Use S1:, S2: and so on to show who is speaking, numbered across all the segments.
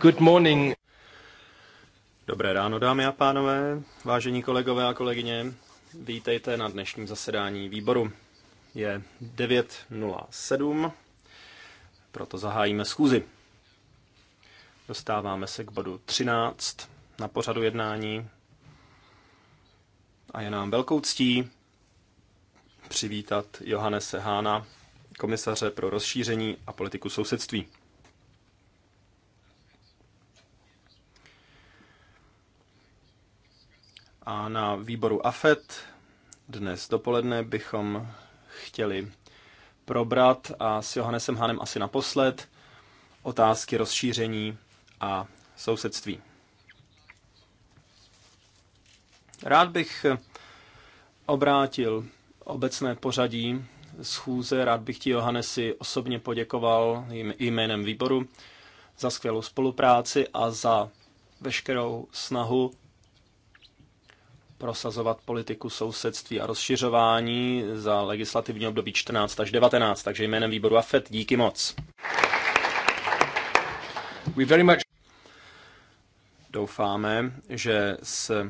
S1: Good morning. Dobré ráno, dámy a pánové, vážení kolegové a kolegyně. Vítejte na dnešním zasedání výboru. Je 9.07, proto zahájíme schůzi. Dostáváme se k bodu 13 na pořadu jednání a je nám velkou ctí přivítat Johannese Hána, komisaře pro rozšíření a politiku sousedství. A na výboru AFET dnes dopoledne bychom chtěli probrat a s Johannesem Hanem asi naposled otázky rozšíření a sousedství. Rád bych obrátil obecné pořadí schůze. Rád bych ti, Johannesi, osobně poděkoval jménem výboru za skvělou spolupráci a za veškerou snahu prosazovat politiku sousedství a rozšiřování za legislativní období 14 až 19. Takže jménem výboru AFET díky moc. We very much... Doufáme, že s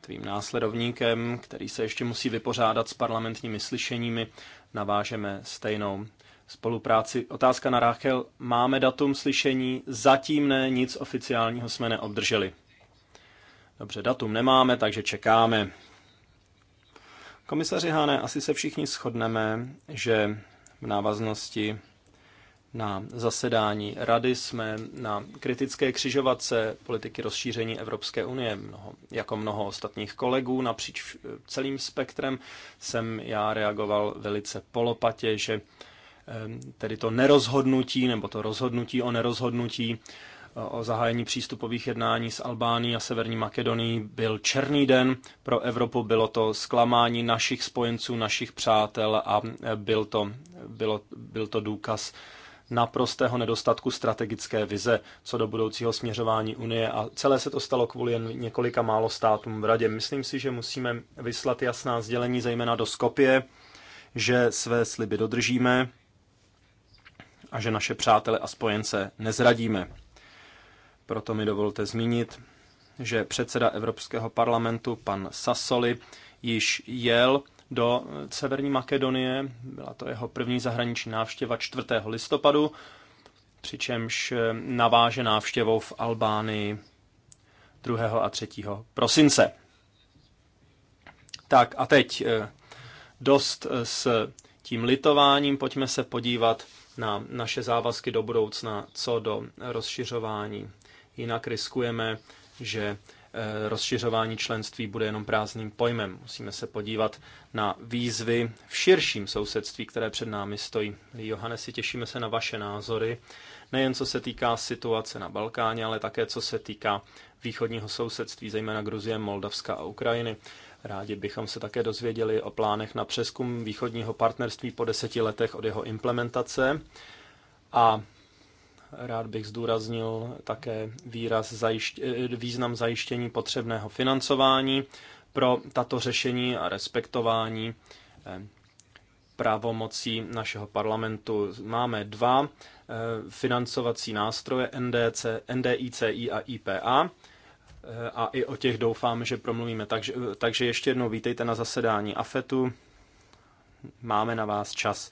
S1: tvým následovníkem, který se ještě musí vypořádat s parlamentními slyšeními, navážeme stejnou spolupráci. Otázka na Rachel: Máme datum slyšení? Zatím ne, nic oficiálního jsme neobdrželi. Dobře, datum nemáme, takže čekáme. Komisaři Háne, asi se všichni shodneme, že v návaznosti na zasedání rady jsme na kritické křižovatce politiky rozšíření Evropské unie. Mnoho, jako mnoho ostatních kolegů napříč celým spektrem jsem já reagoval velice polopatě, že eh, tedy to nerozhodnutí nebo to rozhodnutí o nerozhodnutí o zahájení přístupových jednání s Albání a Severní Makedonií byl černý den. Pro Evropu bylo to zklamání našich spojenců, našich přátel a byl to, bylo, byl to důkaz naprostého nedostatku strategické vize co do budoucího směřování Unie a celé se to stalo kvůli jen několika málo státům v Radě. Myslím si, že musíme vyslat jasná sdělení, zejména do Skopje, že své sliby dodržíme a že naše přátele a spojence nezradíme. Proto mi dovolte zmínit, že předseda Evropského parlamentu pan Sassoli již jel do Severní Makedonie, byla to jeho první zahraniční návštěva 4. listopadu, přičemž eh, naváže návštěvou v Albánii 2. a 3. prosince. Tak a teď eh, dost eh, s tím litováním, pojďme se podívat na naše závazky do budoucna co do rozšiřování jinak riskujeme, že eh, rozšiřování členství bude jenom prázdným pojmem. Musíme se podívat na výzvy v širším sousedství, které před námi stojí. Johannesi, těšíme se na vaše názory, nejen co se týká situace na Balkáně, ale také co se týká východního sousedství, zejména Gruzie, Moldavska a Ukrajiny. Rádi bychom se také dozvěděli o plánech na přeskum východního partnerství po deseti letech od jeho implementace a Rád bych zdůraznil také výraz zajišť, eh, význam zajištění potřebného financování pro tato řešení a respektování eh, právomocí našeho parlamentu. Máme dva eh, financovací nástroje NDC, NDICI a IPA a i o těch doufám, že promluvíme. Takže, takže ještě jednou vítejte na zasedání AFETu. Máme na vás čas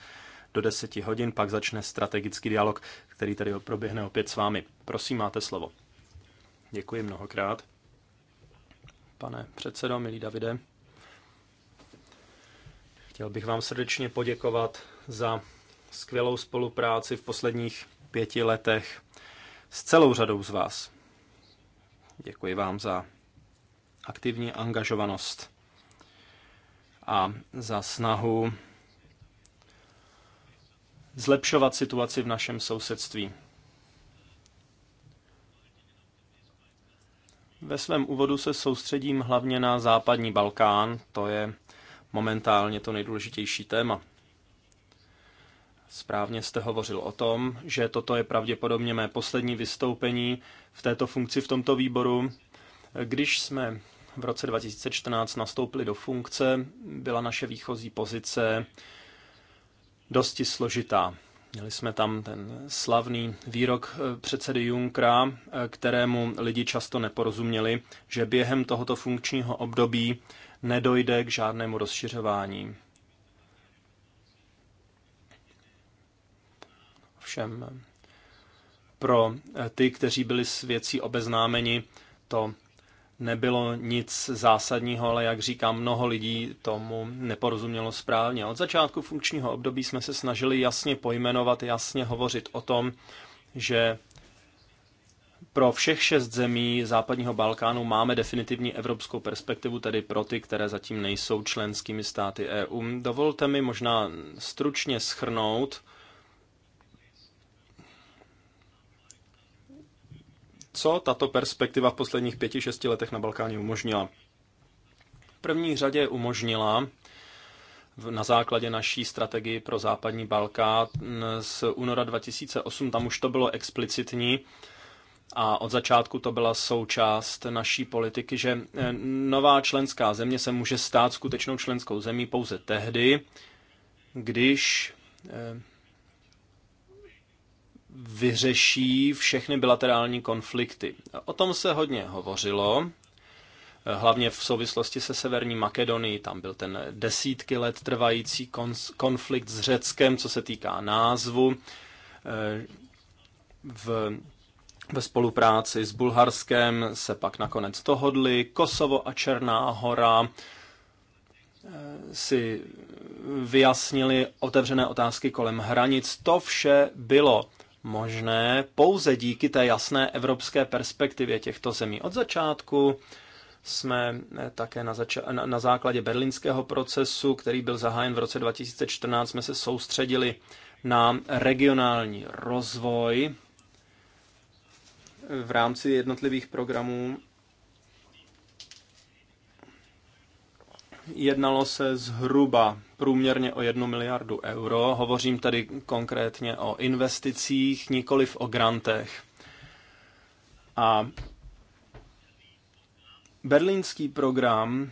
S1: do 10 hodin, pak začne strategický dialog, který tady proběhne opět s vámi. Prosím, máte slovo. Děkuji mnohokrát. Pane předsedo, milý Davide, chtěl bych vám srdečně poděkovat za skvělou spolupráci v posledních pěti letech s celou řadou z vás. Děkuji vám za aktivní angažovanost a za snahu zlepšovat situaci v našem sousedství. Ve svém úvodu se soustředím hlavně na západní Balkán, to je momentálně to nejdůležitější téma. Správně jste hovořil o tom, že toto je pravděpodobně mé poslední vystoupení v této funkci v tomto výboru. Když jsme v roce 2014 nastoupili do funkce, byla naše výchozí pozice dosti složitá. Měli jsme tam ten slavný výrok eh, předsedy Junkra, eh, kterému lidi často neporozuměli, že během tohoto funkčního období nedojde k žádnému rozšiřování. Všem eh, pro ty, kteří byli s věcí obeznámeni, to nebylo nic zásadního, ale jak říkám, mnoho lidí tomu neporozumělo správně. Od začátku funkčního období jsme se snažili jasně pojmenovat, jasně hovořit o tom, že pro všech šest zemí západního Balkánu máme definitivní evropskou perspektivu, tedy pro ty, které zatím nejsou členskými státy EU. Dovolte mi možná stručně schrnout, Co tato perspektiva v posledních pěti, šesti letech na Balkáně umožnila? V první řadě umožnila na základě naší strategii pro západní Balkán z února 2008, tam už to bylo explicitní, a od začátku to byla součást naší politiky, že e, nová členská země se může stát skutečnou členskou zemí pouze tehdy, když e, vyřeší všechny bilaterální konflikty. O tom se hodně hovořilo, hlavně v souvislosti se Severní Makedonií. Tam byl ten desítky let trvající konflikt s Řeckem, co se týká názvu. Eh, v, ve spolupráci s Bulharskem se pak nakonec dohodli. Kosovo a Černá hora eh, si vyjasnili otevřené otázky kolem hranic. To vše bylo možné pouze díky té jasné evropské perspektivě těchto zemí. Od začátku jsme eh, také na, zača- na, na základě berlínského procesu, který byl zahájen v roce 2014, jsme se soustředili na regionální rozvoj v rámci jednotlivých programů Jednalo se zhruba průměrně o jednu miliardu euro. Hovořím tady konkrétně o investicích, nikoliv o grantech. A berlínský program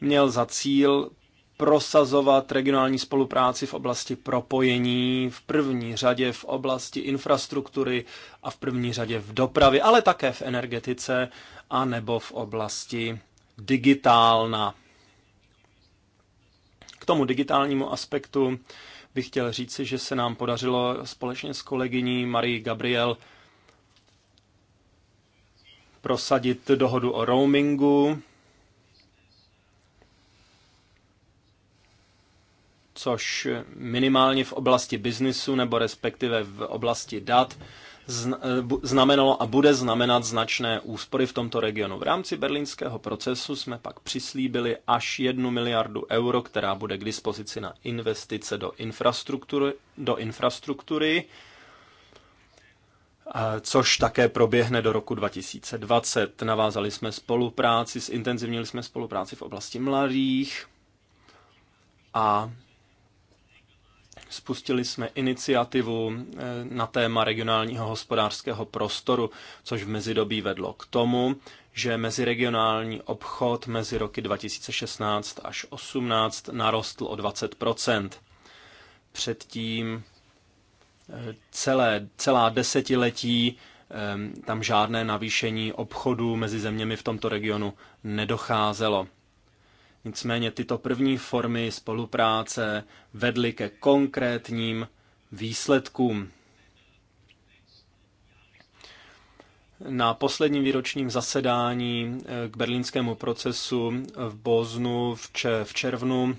S1: měl za cíl prosazovat regionální spolupráci v oblasti propojení, v první řadě v oblasti infrastruktury a v první řadě v dopravě, ale také v energetice a nebo v oblasti digitálna. K tomu digitálnímu aspektu bych chtěl říci, že se nám podařilo společně s kolegyní Marie Gabriel prosadit dohodu o roamingu, což minimálně v oblasti biznisu nebo respektive v oblasti dat znamenalo a bude znamenat značné úspory v tomto regionu. V rámci berlínského procesu jsme pak přislíbili až jednu miliardu euro, která bude k dispozici na investice do infrastruktury, do infrastruktury což také proběhne do roku 2020. Navázali jsme spolupráci, zintenzivnili jsme spolupráci v oblasti mladých a Spustili jsme iniciativu eh, na téma regionálního hospodářského prostoru, což v mezidobí vedlo k tomu, že meziregionální obchod mezi roky 2016 až 2018 narostl o 20 Předtím eh, celé, celá desetiletí eh, tam žádné navýšení obchodu mezi zeměmi v tomto regionu nedocházelo. Nicméně tyto první formy spolupráce vedly ke konkrétním výsledkům. Na posledním výročním zasedání eh, k berlínskému procesu v Boznu v červnu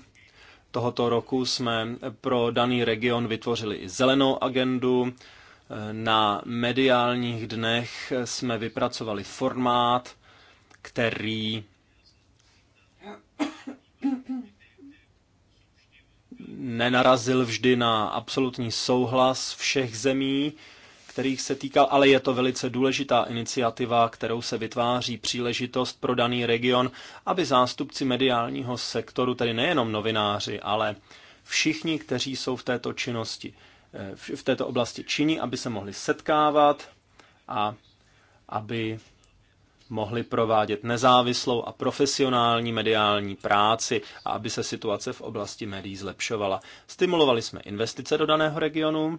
S1: tohoto roku jsme pro daný region vytvořili i zelenou agendu. Eh, na mediálních dnech jsme vypracovali formát, který nenarazil vždy na absolutní souhlas všech zemí, kterých se týkal, ale je to velice důležitá iniciativa, kterou se vytváří příležitost pro daný region, aby zástupci mediálního sektoru, tedy nejenom novináři, ale všichni, kteří jsou v této činnosti, eh, v této oblasti činí, aby se mohli setkávat a aby mohli provádět nezávislou a profesionální mediální práci a aby se situace v oblasti médií zlepšovala. Stimulovali jsme investice do daného regionu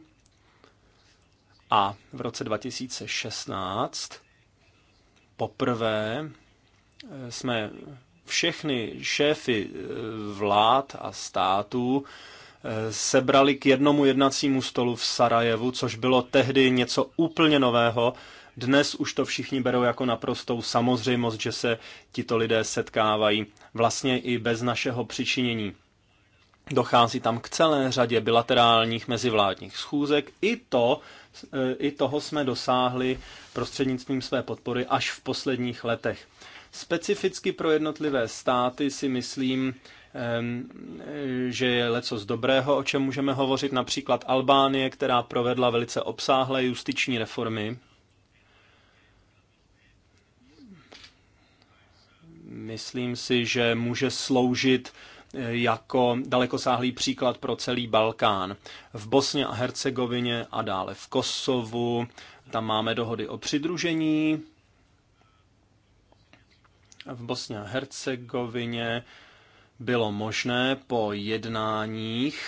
S1: a v roce 2016 poprvé eh, jsme všechny šéfy eh, vlád a států eh, sebrali k jednomu jednacímu stolu v Sarajevu, což bylo tehdy něco úplně nového dnes už to všichni berou jako naprostou samozřejmost, že se tito lidé setkávají vlastně i bez našeho přičinění. Dochází tam k celé řadě bilaterálních mezivládních schůzek. I, to, eh, I toho jsme dosáhli prostřednictvím své podpory až v posledních letech. Specificky pro jednotlivé státy si myslím, ehm, eh, že je leco z dobrého, o čem můžeme hovořit, například Albánie, která provedla velice obsáhlé justiční reformy Myslím si, že může sloužit eh, jako dalekosáhlý příklad pro celý Balkán. V Bosně a Hercegovině a dále v Kosovu, tam máme dohody o přidružení. V Bosně a Hercegovině bylo možné po jednáních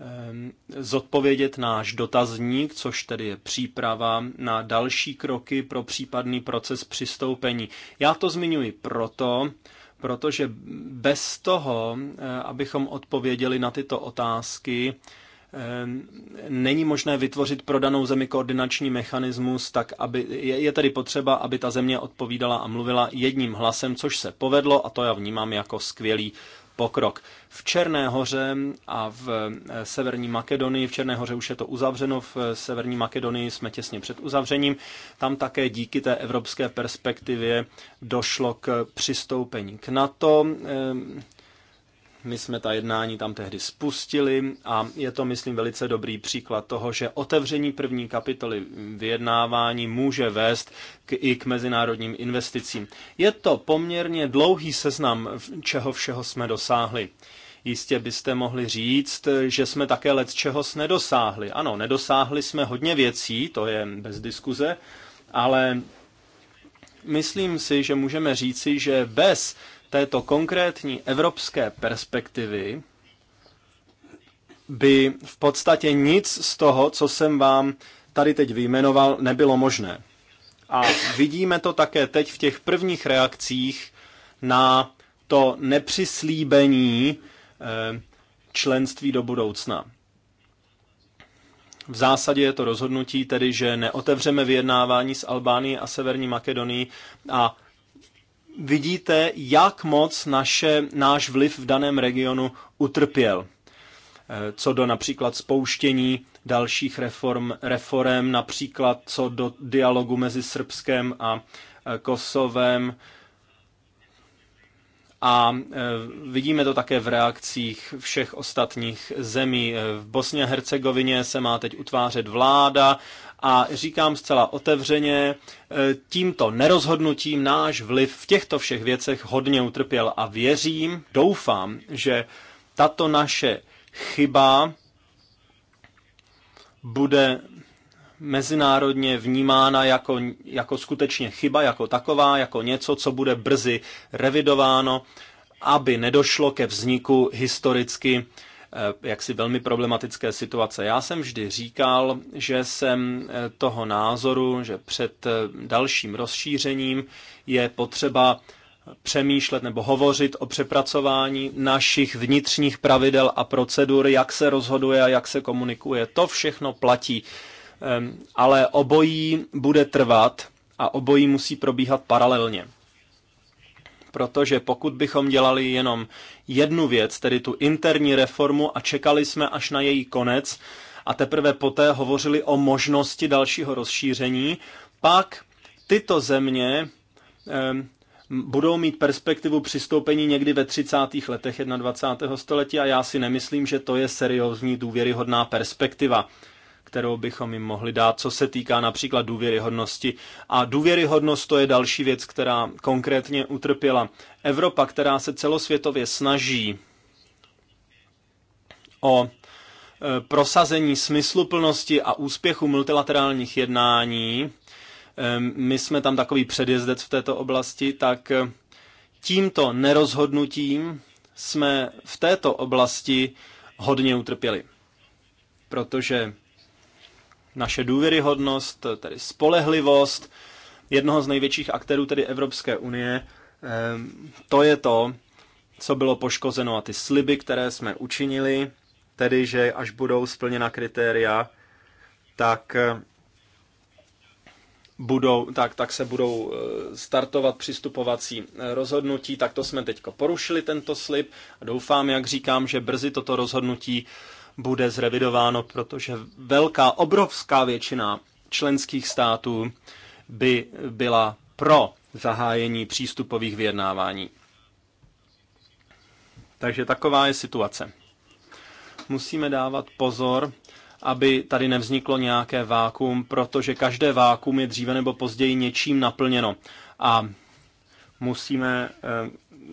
S1: Ehm, zodpovědět náš dotazník, což tedy je příprava na další kroky pro případný proces přistoupení. Já to zmiňuji proto, protože bez toho, eh, abychom odpověděli na tyto otázky, ehm, není možné vytvořit pro danou zemi koordinační mechanismus, tak aby, je, tedy potřeba, aby ta země odpovídala a mluvila jedním hlasem, což se povedlo a to já vnímám jako skvělý pokrok. V Černé hoře a v eh, Severní Makedonii, v Černé hoře už je to uzavřeno, v eh, Severní Makedonii jsme těsně před uzavřením. Tam také díky té evropské perspektivě došlo k přistoupení k NATO. Ehm, my jsme ta jednání tam tehdy spustili a je to, myslím, velice dobrý příklad toho, že otevření první kapitoly vyjednávání může vést k, i k mezinárodním investicím. Je to poměrně dlouhý seznam, čeho všeho jsme dosáhli. Jistě byste mohli říct, že jsme také let čeho nedosáhli. Ano, nedosáhli jsme hodně věcí, to je bez diskuze, ale myslím si, že můžeme říci, že bez této konkrétní evropské perspektivy by v podstatě nic z toho, co jsem vám tady teď vyjmenoval, nebylo možné. A vidíme to také teď v těch prvních reakcích na to nepřislíbení eh, členství do budoucna. V zásadě je to rozhodnutí tedy, že neotevřeme vyjednávání s Albánií a Severní Makedonií a vidíte, jak moc naše, náš vliv v daném regionu utrpěl. Eh, co do například spouštění dalších reform, reform například co do dialogu mezi Srbskem a eh, Kosovem. A eh, vidíme to také v reakcích všech ostatních zemí. V Bosně a Hercegovině se má teď utvářet vláda, a říkám zcela otevřeně, e, tímto nerozhodnutím náš vliv v těchto všech věcech hodně utrpěl a věřím, doufám, že tato naše chyba bude mezinárodně vnímána jako, jako skutečně chyba, jako taková, jako něco, co bude brzy revidováno, aby nedošlo ke vzniku historicky Eh, jaksi velmi problematické situace. Já jsem vždy říkal, že jsem eh, toho názoru, že před eh, dalším rozšířením je potřeba přemýšlet nebo hovořit o přepracování našich vnitřních pravidel a procedur, jak se rozhoduje a jak se komunikuje. To všechno platí, ale obojí bude trvat a obojí musí probíhat paralelně. Protože pokud bychom dělali jenom jednu věc, tedy tu interní reformu a čekali jsme až na její konec a teprve poté hovořili o možnosti dalšího rozšíření, pak tyto země eh, budou mít perspektivu přistoupení někdy ve 30. letech 21. století a já si nemyslím, že to je seriózní důvěryhodná perspektiva kterou bychom jim mohli dát, co se týká například důvěryhodnosti. A důvěryhodnost to je další věc, která konkrétně utrpěla. Evropa, která se celosvětově snaží o e, prosazení smysluplnosti a úspěchu multilaterálních jednání, e, my jsme tam takový předjezdec v této oblasti, tak e, tímto nerozhodnutím jsme v této oblasti hodně utrpěli. Protože naše důvěryhodnost, tedy spolehlivost jednoho z největších aktérů, tedy Evropské unie. Ehm, to je to, co bylo poškozeno a ty sliby, které jsme učinili, tedy že až budou splněna kritéria, tak eh, budou, tak, tak se budou eh, startovat přistupovací eh, rozhodnutí, tak to jsme teď porušili tento slib a doufám, jak říkám, že brzy toto rozhodnutí bude zrevidováno, protože velká, obrovská většina členských států by byla pro zahájení přístupových vyjednávání. Takže taková je situace. Musíme dávat pozor, aby tady nevzniklo nějaké vákum, protože každé vákum je dříve nebo později něčím naplněno. A musíme eh,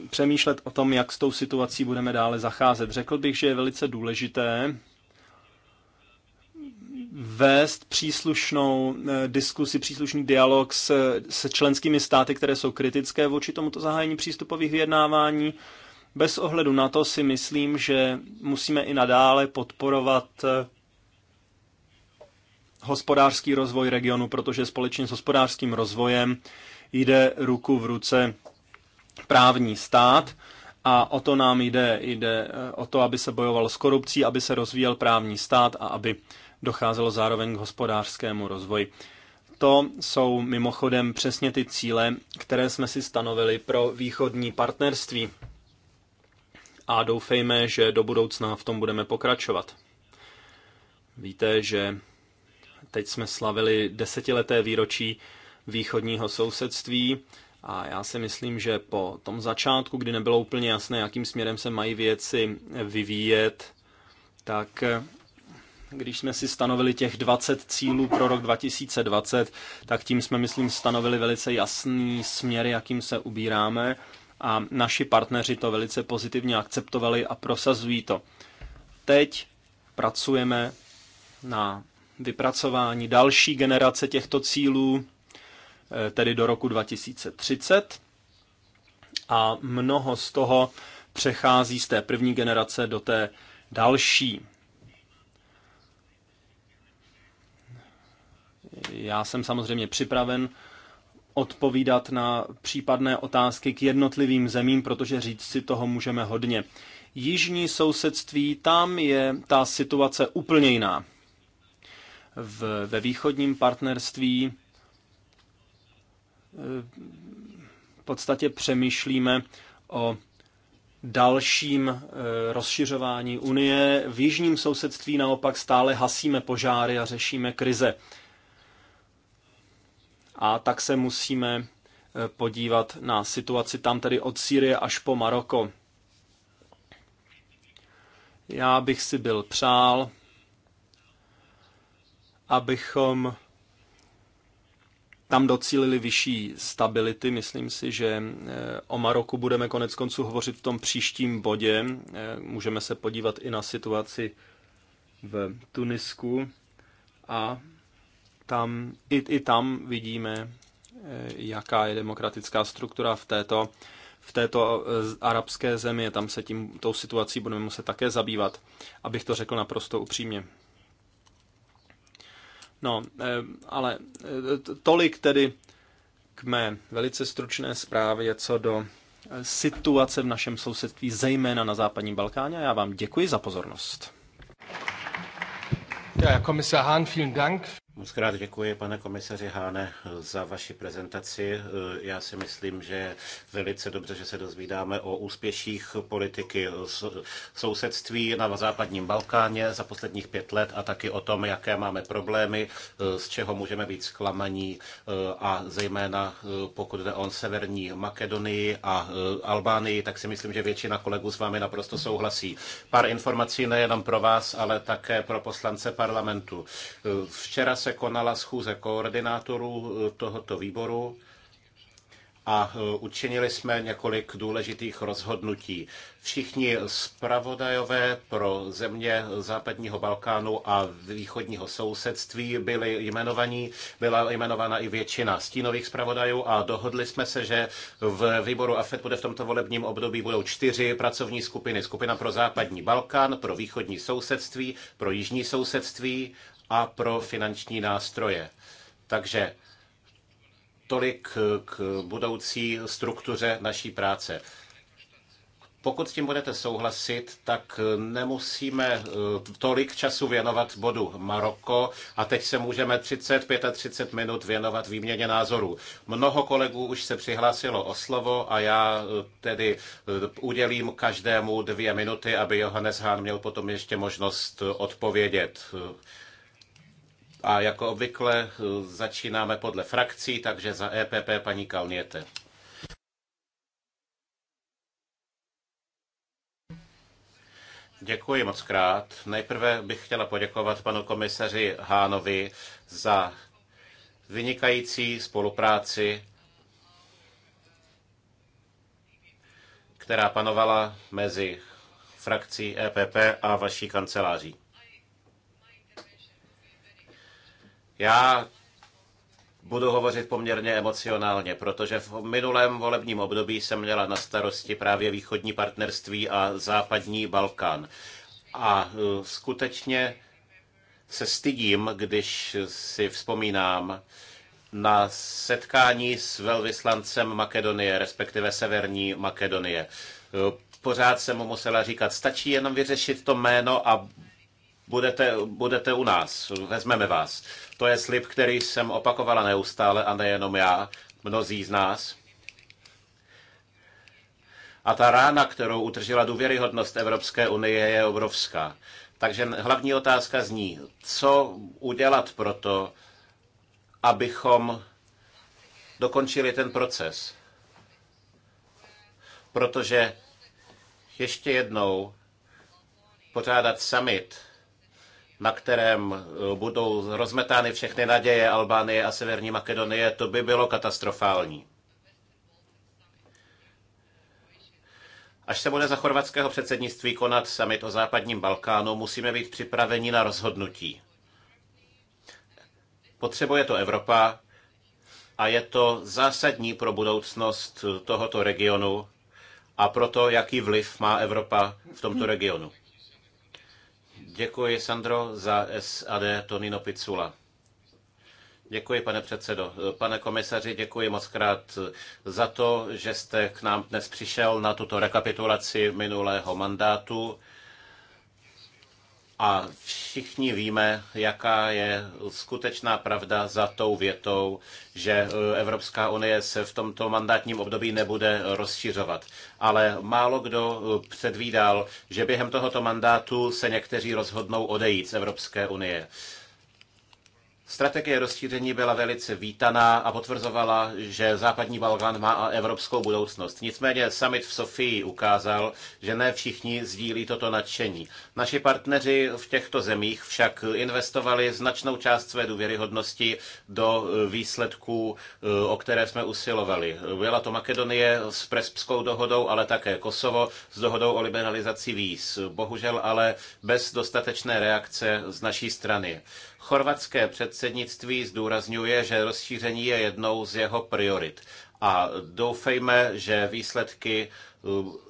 S1: přemýšlet o tom, jak s tou situací budeme dále zacházet. Řekl bych, že je velice důležité vést příslušnou eh, diskusi, příslušný dialog s, se členskými státy, které jsou kritické vůči tomuto zahájení přístupových vyjednávání. Bez ohledu na to si myslím, že musíme i nadále podporovat eh, hospodářský rozvoj regionu, protože společně s hospodářským rozvojem jde ruku v ruce právní stát a o to nám jde. Jde eh, o to, aby se bojoval s korupcí, aby se rozvíjel právní stát a aby docházelo zároveň k hospodářskému rozvoji. To jsou mimochodem přesně ty cíle, které jsme si stanovili pro východní partnerství. A doufejme, že do budoucna v tom budeme pokračovat. Víte, že teď jsme slavili desetileté výročí východního sousedství a já si myslím, že po tom začátku, kdy nebylo úplně jasné, jakým směrem se mají věci vyvíjet, tak eh, když jsme si stanovili těch 20 cílů pro rok 2020, tak tím jsme, myslím, stanovili velice jasný směr, jakým se ubíráme a naši partneři to velice pozitivně akceptovali a prosazují to. Teď pracujeme na vypracování další generace těchto cílů, Eh, tedy do roku 2030. A mnoho z toho přechází z té první generace do té další. Já jsem samozřejmě připraven odpovídat na případné otázky k jednotlivým zemím, protože říct si toho můžeme hodně. Jižní sousedství, tam je ta situace úplně jiná. V, ve východním partnerství v podstatě přemýšlíme o dalším eh, rozšiřování Unie. V jižním sousedství naopak stále hasíme požáry a řešíme krize. A tak se musíme eh, podívat na situaci tam tedy od Sýrie až po Maroko. Já bych si byl přál, abychom tam docílili vyšší stability. Myslím si, že eh, o Maroku budeme konec konců hovořit v tom příštím bodě. Eh, můžeme se podívat i na situaci v Tunisku a tam, i, i tam vidíme, eh, jaká je demokratická struktura v této, v této arabské zemi. Tam se tím, tou situací budeme muset také zabývat, abych to řekl naprosto upřímně. No, eh, ale eh, tolik tedy k mé velice stručné zprávě co do eh, situace v našem sousedství, zejména na západním Balkáně. Já vám děkuji za pozornost.
S2: Ja, Herr Kommissar Hahn, vielen Dank. Moc krát děkuji, pane komisaři Háne, za vaši prezentaci. Já si myslím, že je velice dobře, že se dozvídáme o úspěších politiky sousedství na západním Balkáně za posledních pět let a taky o tom, jaké máme problémy, z čeho můžeme být zklamaní a zejména pokud jde o severní Makedonii a Albánii, tak si myslím, že většina kolegů s vámi naprosto souhlasí. Pár informací nejenom pro vás, ale také pro poslance parlamentu. Včera se se konala schůze koordinátorů eh, tohoto výboru a eh, učinili jsme několik důležitých rozhodnutí. Všichni zpravodajové pro země západního Balkánu a východního sousedství byli jmenovaní, byla jmenována i většina stínových zpravodajů a dohodli jsme se, že v výboru AFED bude v tomto volebním období budou čtyři pracovní skupiny. Skupina pro západní Balkán, pro východní sousedství, pro jižní sousedství a pro finanční nástroje. Takže tolik k budoucí struktuře naší práce. Pokud s tím budete souhlasit, tak nemusíme eh, tolik času věnovat bodu Maroko a teď se můžeme 30, 35 minut věnovat výměně názorů. Mnoho kolegů už se přihlásilo o slovo a já eh, tedy eh, udělím každému dvě minuty, aby Johannes Hahn měl potom ještě možnost odpovědět a jako obvykle eh, začínáme podle frakcí, takže za EPP paní Kalniete. Děkuji moc krát. Nejprve bych chtěla poděkovat panu komisaři Hánovi za vynikající spolupráci, která panovala mezi frakcí EPP a vaší kanceláří. Já budu hovořit poměrně emocionálně, protože v minulém volebním období jsem měla na starosti právě východní partnerství a západní Balkán. A e, skutečně se stydím, když si vzpomínám na setkání s velvyslancem Makedonie, respektive Severní Makedonie. E, pořád jsem mu musela říkat, stačí jenom vyřešit to jméno a budete, budete u nás, vezmeme vás. To je slib, který jsem opakovala neustále a nejenom já, mnozí z nás. A ta rána, kterou utržila důvěryhodnost Evropské unie, je obrovská. Takže hlavní otázka zní, co udělat pro to, abychom dokončili ten proces. Protože ještě jednou pořádat summit na kterém eh, budou rozmetány všechny naděje Albánie a Severní Makedonie, to by bylo katastrofální. Až se bude za chorvatského předsednictví konat summit o západním Balkánu, musíme být připraveni na rozhodnutí. Potřebuje to Evropa a je to zásadní pro budoucnost tohoto regionu a pro to, jaký vliv má Evropa v tomto regionu. Děkuji, Sandro, za SAD Tonino Picula. Děkuji, pane předsedo. Pane komisaři, děkuji moc krát za to, že jste k nám dnes přišel na tuto rekapitulaci minulého mandátu a všichni víme, jaká je skutečná pravda za tou větou, že e, Evropská unie se v tomto mandátním období nebude rozšiřovat. Ale málo kdo e, předvídal, že během tohoto mandátu se někteří rozhodnou odejít z Evropské unie. Strategie rozšíření byla velice vítaná a potvrzovala, že západní Balkán má evropskou budoucnost. Nicméně summit v Sofii ukázal, že ne všichni sdílí toto nadšení. Naši partneři v těchto zemích však investovali značnou část své důvěryhodnosti do výsledků, o které jsme usilovali. Byla to Makedonie s Prespskou dohodou, ale také Kosovo s dohodou o liberalizaci víz. Bohužel ale bez dostatečné reakce z naší strany. Chorvatské předsednictví zdůrazňuje, že rozšíření je jednou z jeho priorit a doufejme, že výsledky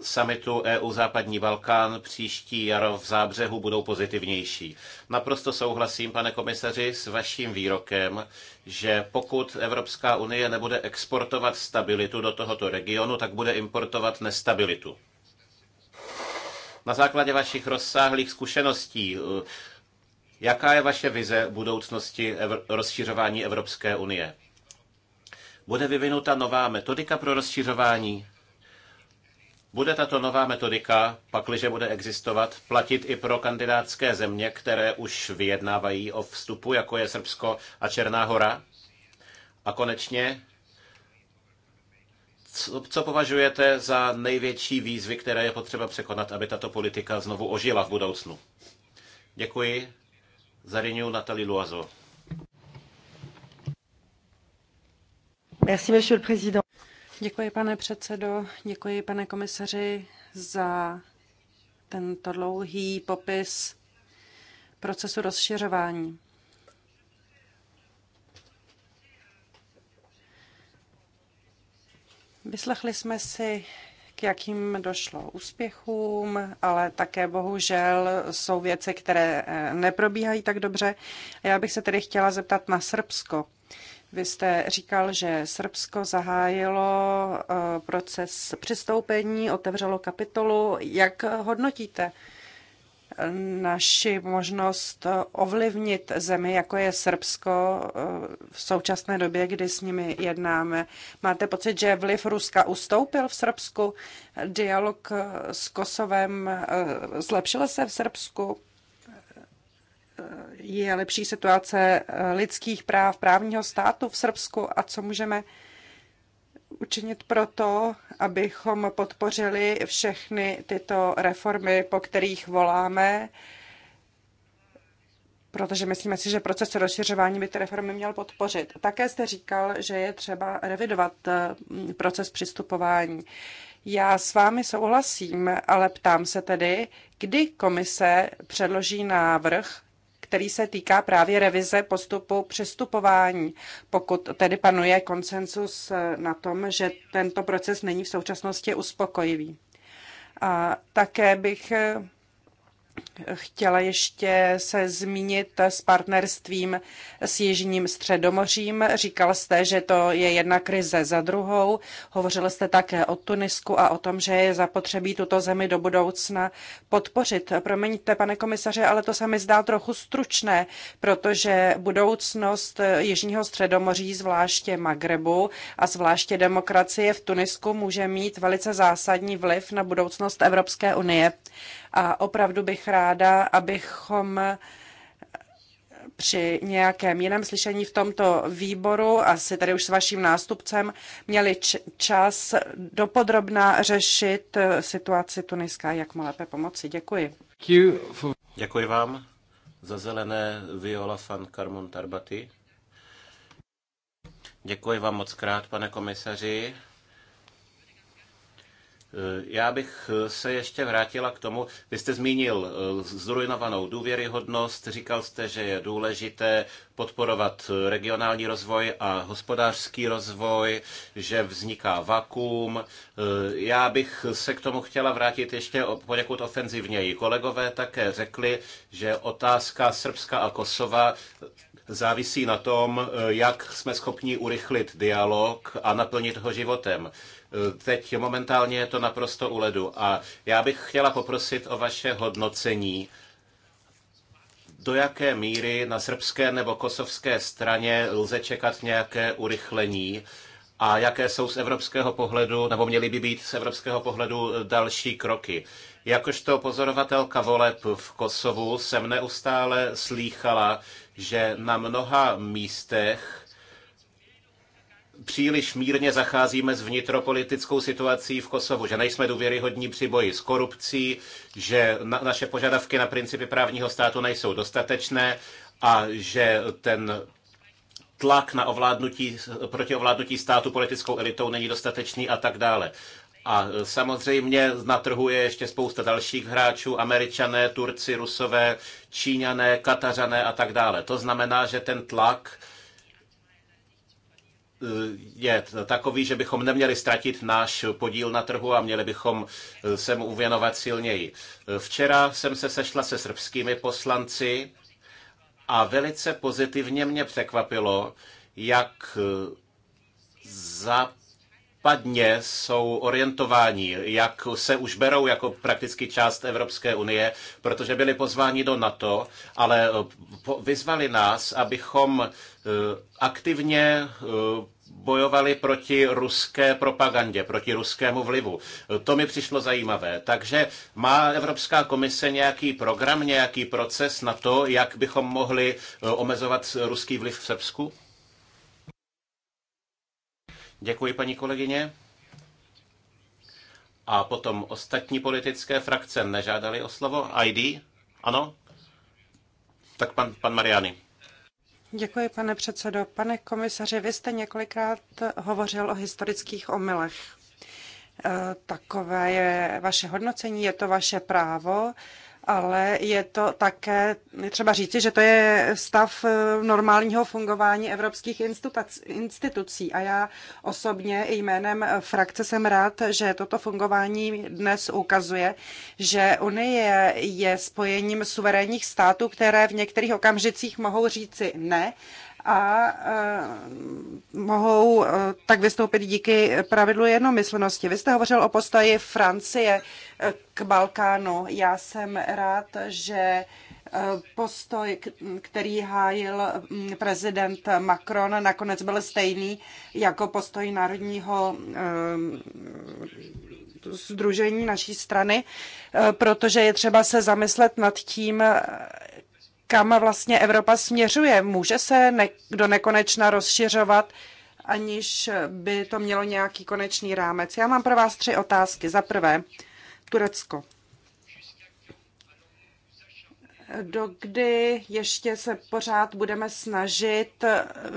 S2: samitu EU Západní Balkán příští jaro v Zábřehu budou pozitivnější. Naprosto souhlasím, pane komisaři, s vaším výrokem, že pokud Evropská unie nebude exportovat stabilitu do tohoto regionu, tak bude importovat nestabilitu. Na základě vašich rozsáhlých zkušeností Jaká je vaše vize budoucnosti rozšiřování Evropské unie? Bude vyvinuta nová metodika pro rozšiřování? Bude tato nová metodika, pakliže bude existovat, platit i pro kandidátské země, které už vyjednávají o vstupu, jako je Srbsko a Černá hora? A konečně, co považujete za největší výzvy, které je potřeba překonat, aby tato politika znovu ožila v budoucnu? Děkuji. Zariňu Nathalie Loazo.
S3: Merci, monsieur le président. Děkuji, pane předsedo, děkuji, pane komisaři, za tento dlouhý popis procesu rozšiřování. Vyslechli jsme si jakým došlo úspěchům, ale také bohužel jsou věci, které eh, neprobíhají tak dobře. Já bych se tedy chtěla zeptat na Srbsko. Vy jste říkal, že Srbsko zahájilo eh, proces přistoupení, otevřelo kapitolu. Jak hodnotíte naši možnost ovlivnit zemi, jako je Srbsko eh, v současné době, kdy s nimi jednáme. Máte pocit, že vliv Ruska ustoupil v Srbsku? Dialog eh, s Kosovem eh, zlepšil se v Srbsku? Je lepší situace lidských práv, právního státu v Srbsku? A co můžeme učinit proto, abychom podpořili všechny tyto reformy, po kterých voláme, protože myslíme si, že proces rozšiřování by ty reformy měl podpořit. Také jste říkal, že je třeba revidovat eh, proces přistupování. Já s vámi souhlasím, ale ptám se tedy, kdy komise předloží návrh který se týká právě revize postupu přestupování, pokud tedy panuje konsensus eh, na tom, že tento proces není v současnosti uspokojivý. A také bych eh, chtěla ještě se zmínit s partnerstvím s Jižním středomořím. Říkal jste, že to je jedna krize za druhou. Hovořil jste také o Tunisku a o tom, že je zapotřebí tuto zemi do budoucna podpořit. Promiňte, pane komisaře, ale to se mi zdá trochu stručné, protože budoucnost Jižního středomoří, zvláště Magrebu a zvláště demokracie v Tunisku, může mít velice zásadní vliv na budoucnost Evropské unie. A opravdu bych ráda, abychom při nějakém jiném slyšení v tomto výboru, asi tady už s vaším nástupcem, měli čas dopodrobná řešit eh, situaci Tuniska, jak mu lépe pomoci. Děkuji.
S2: Děkuji vám. Za zelené Viola van Carmon Tarbaty. Děkuji vám moc krát, pane komisaři. Eh, já bych eh, se ještě vrátila k tomu, vy jste zmínil eh, zrujnovanou důvěryhodnost, říkal jste, že je důležité podporovat regionální rozvoj a hospodářský rozvoj, že vzniká vakuum. Já bych se k tomu chtěla vrátit ještě poněkud ofenzivněji. Kolegové také řekli, že otázka Srbska a Kosova závisí na tom, jak jsme schopni urychlit dialog a naplnit ho životem. Teď momentálně je to naprosto u ledu. A já bych chtěla poprosit o vaše hodnocení do jaké míry na srbské nebo kosovské straně lze čekat nějaké urychlení a jaké jsou z evropského pohledu, nebo měly by být z evropského pohledu další kroky. Jakožto pozorovatelka voleb v Kosovu jsem neustále slýchala, že na mnoha místech příliš mírně zacházíme s vnitropolitickou situací v Kosovu, že nejsme důvěryhodní při boji s korupcí, že na, naše požadavky na principy právního státu nejsou dostatečné a že ten tlak na ovládnutí, proti ovládnutí státu politickou elitou není dostatečný a tak dále. A samozřejmě na trhu je ještě spousta dalších hráčů, američané, Turci, Rusové, Číňané, Katařané a tak dále. To znamená, že ten tlak Eh, je takový, že bychom neměli ztratit náš podíl na trhu a měli bychom eh, se mu věnovat silněji. Eh, včera jsem se sešla se srbskými poslanci a velice pozitivně mě překvapilo, jak zap západně jsou orientováni, jak se už berou jako prakticky část Evropské unie, protože byli pozváni do NATO, ale eh, vyzvali nás, abychom eh, aktivně eh, bojovali proti ruské propagandě, proti ruskému vlivu. To mi přišlo zajímavé. Takže má Evropská komise nějaký program, nějaký proces na to, jak bychom mohli omezovat ruský vliv v Srbsku? Děkuji, paní kolegyně. A potom ostatní politické frakce nežádali o slovo. ID? Ano? Tak pan, pan Mariany.
S3: Děkuji, pane předsedo. Pane komisaři, vy jste několikrát hovořil o historických omylech. E, takové je vaše hodnocení, je to vaše právo ale je to také, třeba říci, že to je stav eh, normálního fungování evropských institucí. A já osobně jménem frakce jsem rád, že toto fungování dnes ukazuje, že Unie je spojením suverénních států, které v některých okamžicích mohou říci ne, a e, mohou e, tak vystoupit díky pravidlu jednomyslnosti. Vy jste hovořil o postoji Francie e, k Balkánu. Já jsem rád, že postoj, který hájil prezident Macron, nakonec byl stejný jako postoj Národního združení naší strany, protože je třeba se zamyslet nad tím, kam vlastně Evropa směřuje. Může se ne, do nekonečna rozšiřovat, aniž by to mělo nějaký konečný rámec. Já mám pro vás tři otázky. Za prvé, Turecko. Dokdy ještě se pořád budeme snažit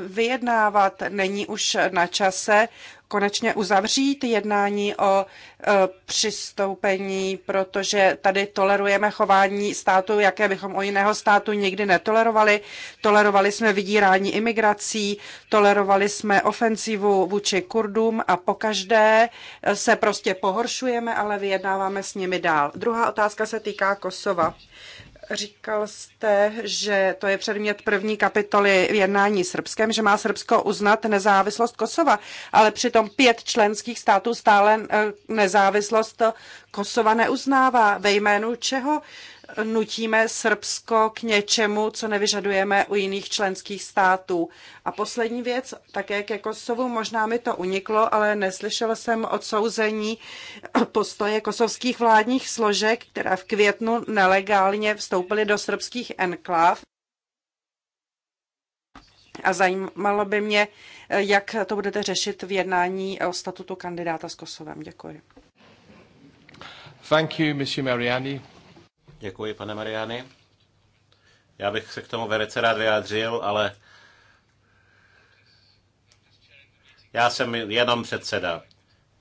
S3: vyjednávat, není už na čase konečně uzavřít jednání o e, přistoupení, protože tady tolerujeme chování státu, jaké bychom o jiného státu nikdy netolerovali. Tolerovali jsme vydírání imigrací, tolerovali jsme ofenzivu vůči Kurdům a pokaždé e, se prostě pohoršujeme, ale vyjednáváme s nimi dál. Druhá otázka se týká Kosova. Říkal jste, že to je předmět první kapitoly v jednání srbském, že má Srbsko uznat nezávislost Kosova, ale přitom pět členských států stále eh, nezávislost Kosova neuznává. Ve jménu čeho nutíme Srbsko k něčemu, co nevyžadujeme u jiných členských států. A poslední věc, také ke jako Kosovu, možná mi to uniklo, ale neslyšel jsem odsouzení postoje kosovských vládních složek, které v květnu nelegálně vstoupily do srbských enkláv. A zajímalo by mě, jak to budete řešit v jednání o statutu kandidáta s Kosovem. Děkuji.
S2: Thank you, Mr. Mariani. Děkuji, pane Mariany. Já bych se k tomu velice rád vyjádřil, ale já jsem jenom předseda.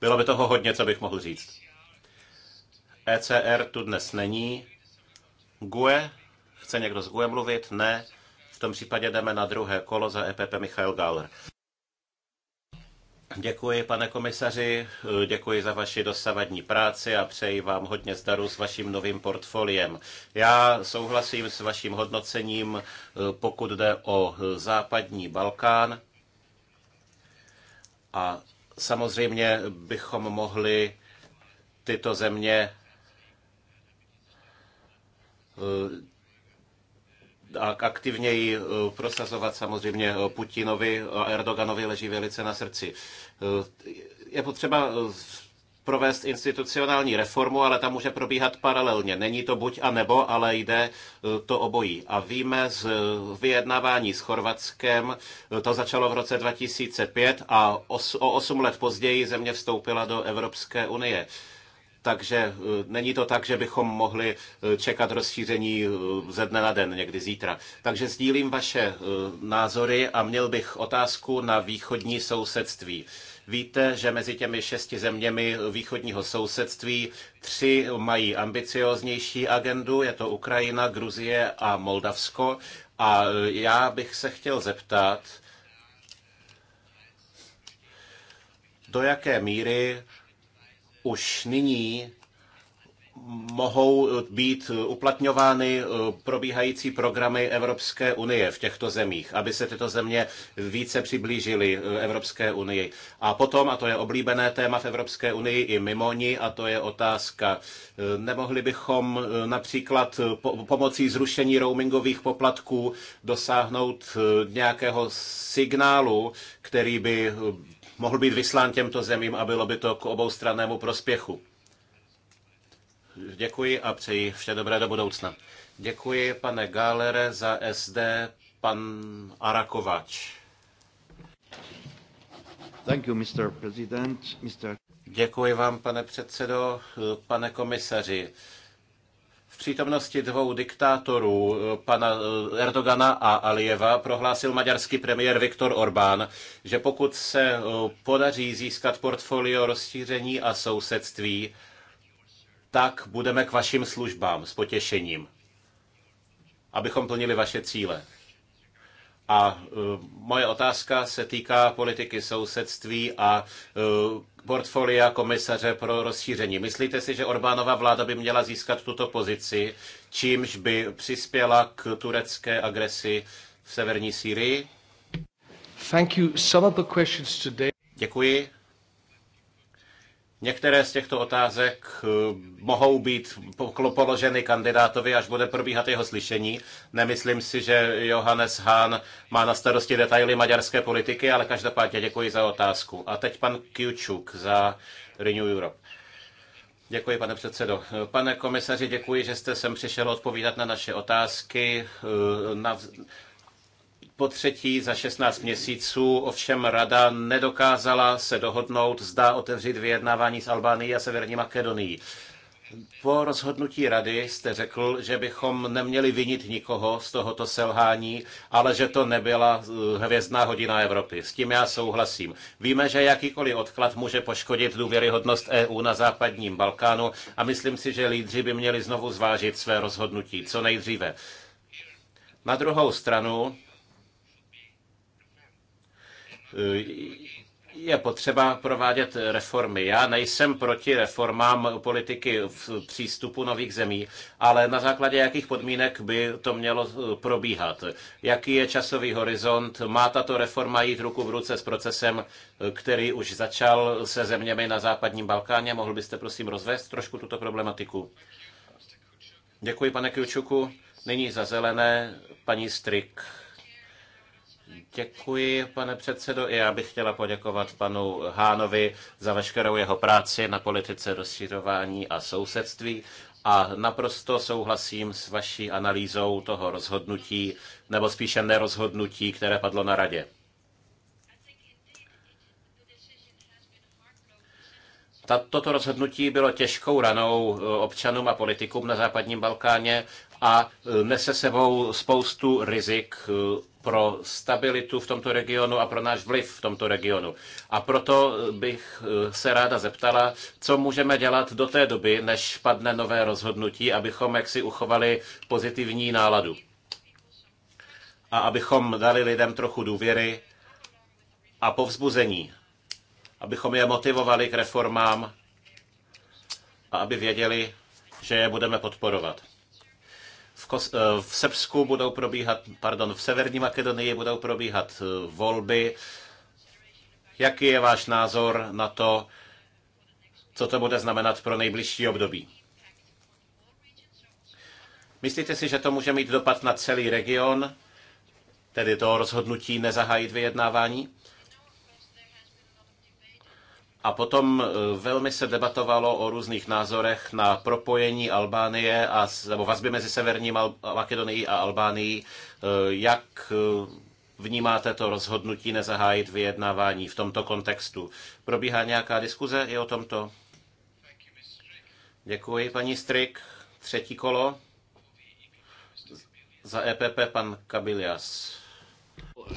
S2: Bylo by toho hodně, co bych mohl říct. ECR tu dnes není. GUE? Chce někdo z GUE mluvit? Ne. V tom případě jdeme na druhé kolo za EPP Michal Galler. Děkuji, pane komisaři, děkuji za vaši dosavadní práci a přeji vám hodně zdaru s vaším novým portfoliem. Já souhlasím s vaším hodnocením, pokud jde o západní Balkán. A samozřejmě bychom mohli tyto země eh, aktivněji eh, prosazovat. Samozřejmě Putinovi a Erdoganovi leží velice na srdci. Eh, je potřeba eh, provést institucionální reformu, ale ta může probíhat paralelně. Není to buď a nebo, ale jde eh, to obojí. A víme z vyjednávání s Chorvatskem, to začalo v roce 2005 a o 8 let později země vstoupila do Evropské unie. Takže eh, není to tak, že bychom mohli eh, čekat rozšíření eh, ze dne na den, někdy zítra. Takže sdílím vaše názory a měl bych otázku na východní sousedství. Víte, že mezi těmi šesti zeměmi východního sousedství tři mají ambicioznější agendu, je to Ukrajina, Gruzie a Moldavsko. A já bych se chtěl zeptat, do jaké míry už nyní mohou být uplatňovány eh, probíhající programy Evropské unie v těchto zemích, aby se tyto země více přiblížily eh, Evropské unii. A potom, a to je oblíbené téma v Evropské unii i mimo ní, a to je otázka, eh, nemohli bychom například pomocí zrušení roamingových poplatků dosáhnout nějakého signálu, který by mohl být vyslán těmto zemím a bylo by to k oboustrannému prospěchu. Děkuji a přeji vše dobré do budoucna. Děkuji, pane Gálere, za SD, pan Arakovač.
S3: Thank you, Mr. President. Mr.
S2: Děkuji vám, pane předsedo, pane komisaři přítomnosti dvou diktátorů, eh, pana eh, Erdogana a Alijeva, prohlásil maďarský premiér Viktor Orbán, že pokud se eh, podaří získat portfolio rozšíření a sousedství, tak budeme k vašim službám s potěšením, abychom plnili vaše cíle. A e, moje otázka se týká politiky sousedství a e, portfolia komisaře pro rozšíření. Myslíte si, že Orbánova vláda by měla získat tuto pozici, čímž by přispěla k turecké agresi v severní Sýrii?
S1: Thank you. Some of the questions today...
S2: Děkuji. Některé z těchto otázek eh, mohou být položeny kandidátovi, až bude probíhat jeho slyšení. Nemyslím si, že Johannes Hahn má na starosti detaily maďarské politiky, ale každopádně děkuji za otázku. A teď pan Kiučuk za Renew Europe. Děkuji, pane předsedo. Pane komisaři, děkuji, že jste sem přišel odpovídat na naše otázky. Eh, na po třetí za 16 měsíců ovšem rada nedokázala se dohodnout, zda otevřít vyjednávání s Albánií a Severní Makedonií. Po rozhodnutí rady jste řekl, že bychom neměli vinit nikoho z tohoto selhání, ale že to nebyla eh, hvězdná hodina Evropy. S tím já souhlasím. Víme, že jakýkoliv odklad může poškodit důvěryhodnost EU na západním Balkánu a myslím si, že lídři by měli znovu zvážit své rozhodnutí co nejdříve. Na druhou stranu Eh, je potřeba provádět reformy. Já nejsem proti reformám politiky v přístupu nových zemí, ale na základě jakých podmínek by to mělo eh, probíhat? Jaký je časový horizont? Má tato reforma jít ruku v ruce s procesem, eh, který už začal se zeměmi na západním Balkáně? Mohl byste prosím rozvést trošku tuto problematiku? Děkuji, pane Kjučuku. Nyní za zelené paní Strik. Děkuji, pane předsedo. Já bych chtěla poděkovat panu Hánovi za veškerou jeho práci na politice rozšiřování a sousedství a naprosto souhlasím s vaší analýzou toho rozhodnutí, nebo spíše nerozhodnutí, které padlo na radě. Toto rozhodnutí bylo těžkou ranou občanům a politikům na západním Balkáně a nese sebou spoustu rizik pro stabilitu v tomto regionu a pro náš vliv v tomto regionu. A proto bych eh, se ráda zeptala, co můžeme dělat do té doby, než padne nové rozhodnutí, abychom jaksi uchovali pozitivní náladu. A abychom dali lidem trochu důvěry a povzbuzení. Abychom je motivovali k reformám a aby věděli, že je budeme podporovat. V, Kos- eh, v Srbsku budou probíhat, pardon, v Severní Makedonii budou probíhat eh, volby. Jaký je váš názor na to, co to bude znamenat pro nejbližší období? Myslíte si, že to může mít dopad na celý region, tedy to rozhodnutí nezahájit vyjednávání? A potom e, velmi se debatovalo o různých názorech na propojení Albánie a nebo vazby mezi Severní Makedonií a Albánií. E, jak e, vnímáte to rozhodnutí nezahájit vyjednávání v tomto kontextu? Probíhá nějaká diskuze i o tomto? Děkuji, paní Strik. Třetí kolo. Za EPP pan Kabilias.
S1: Uh,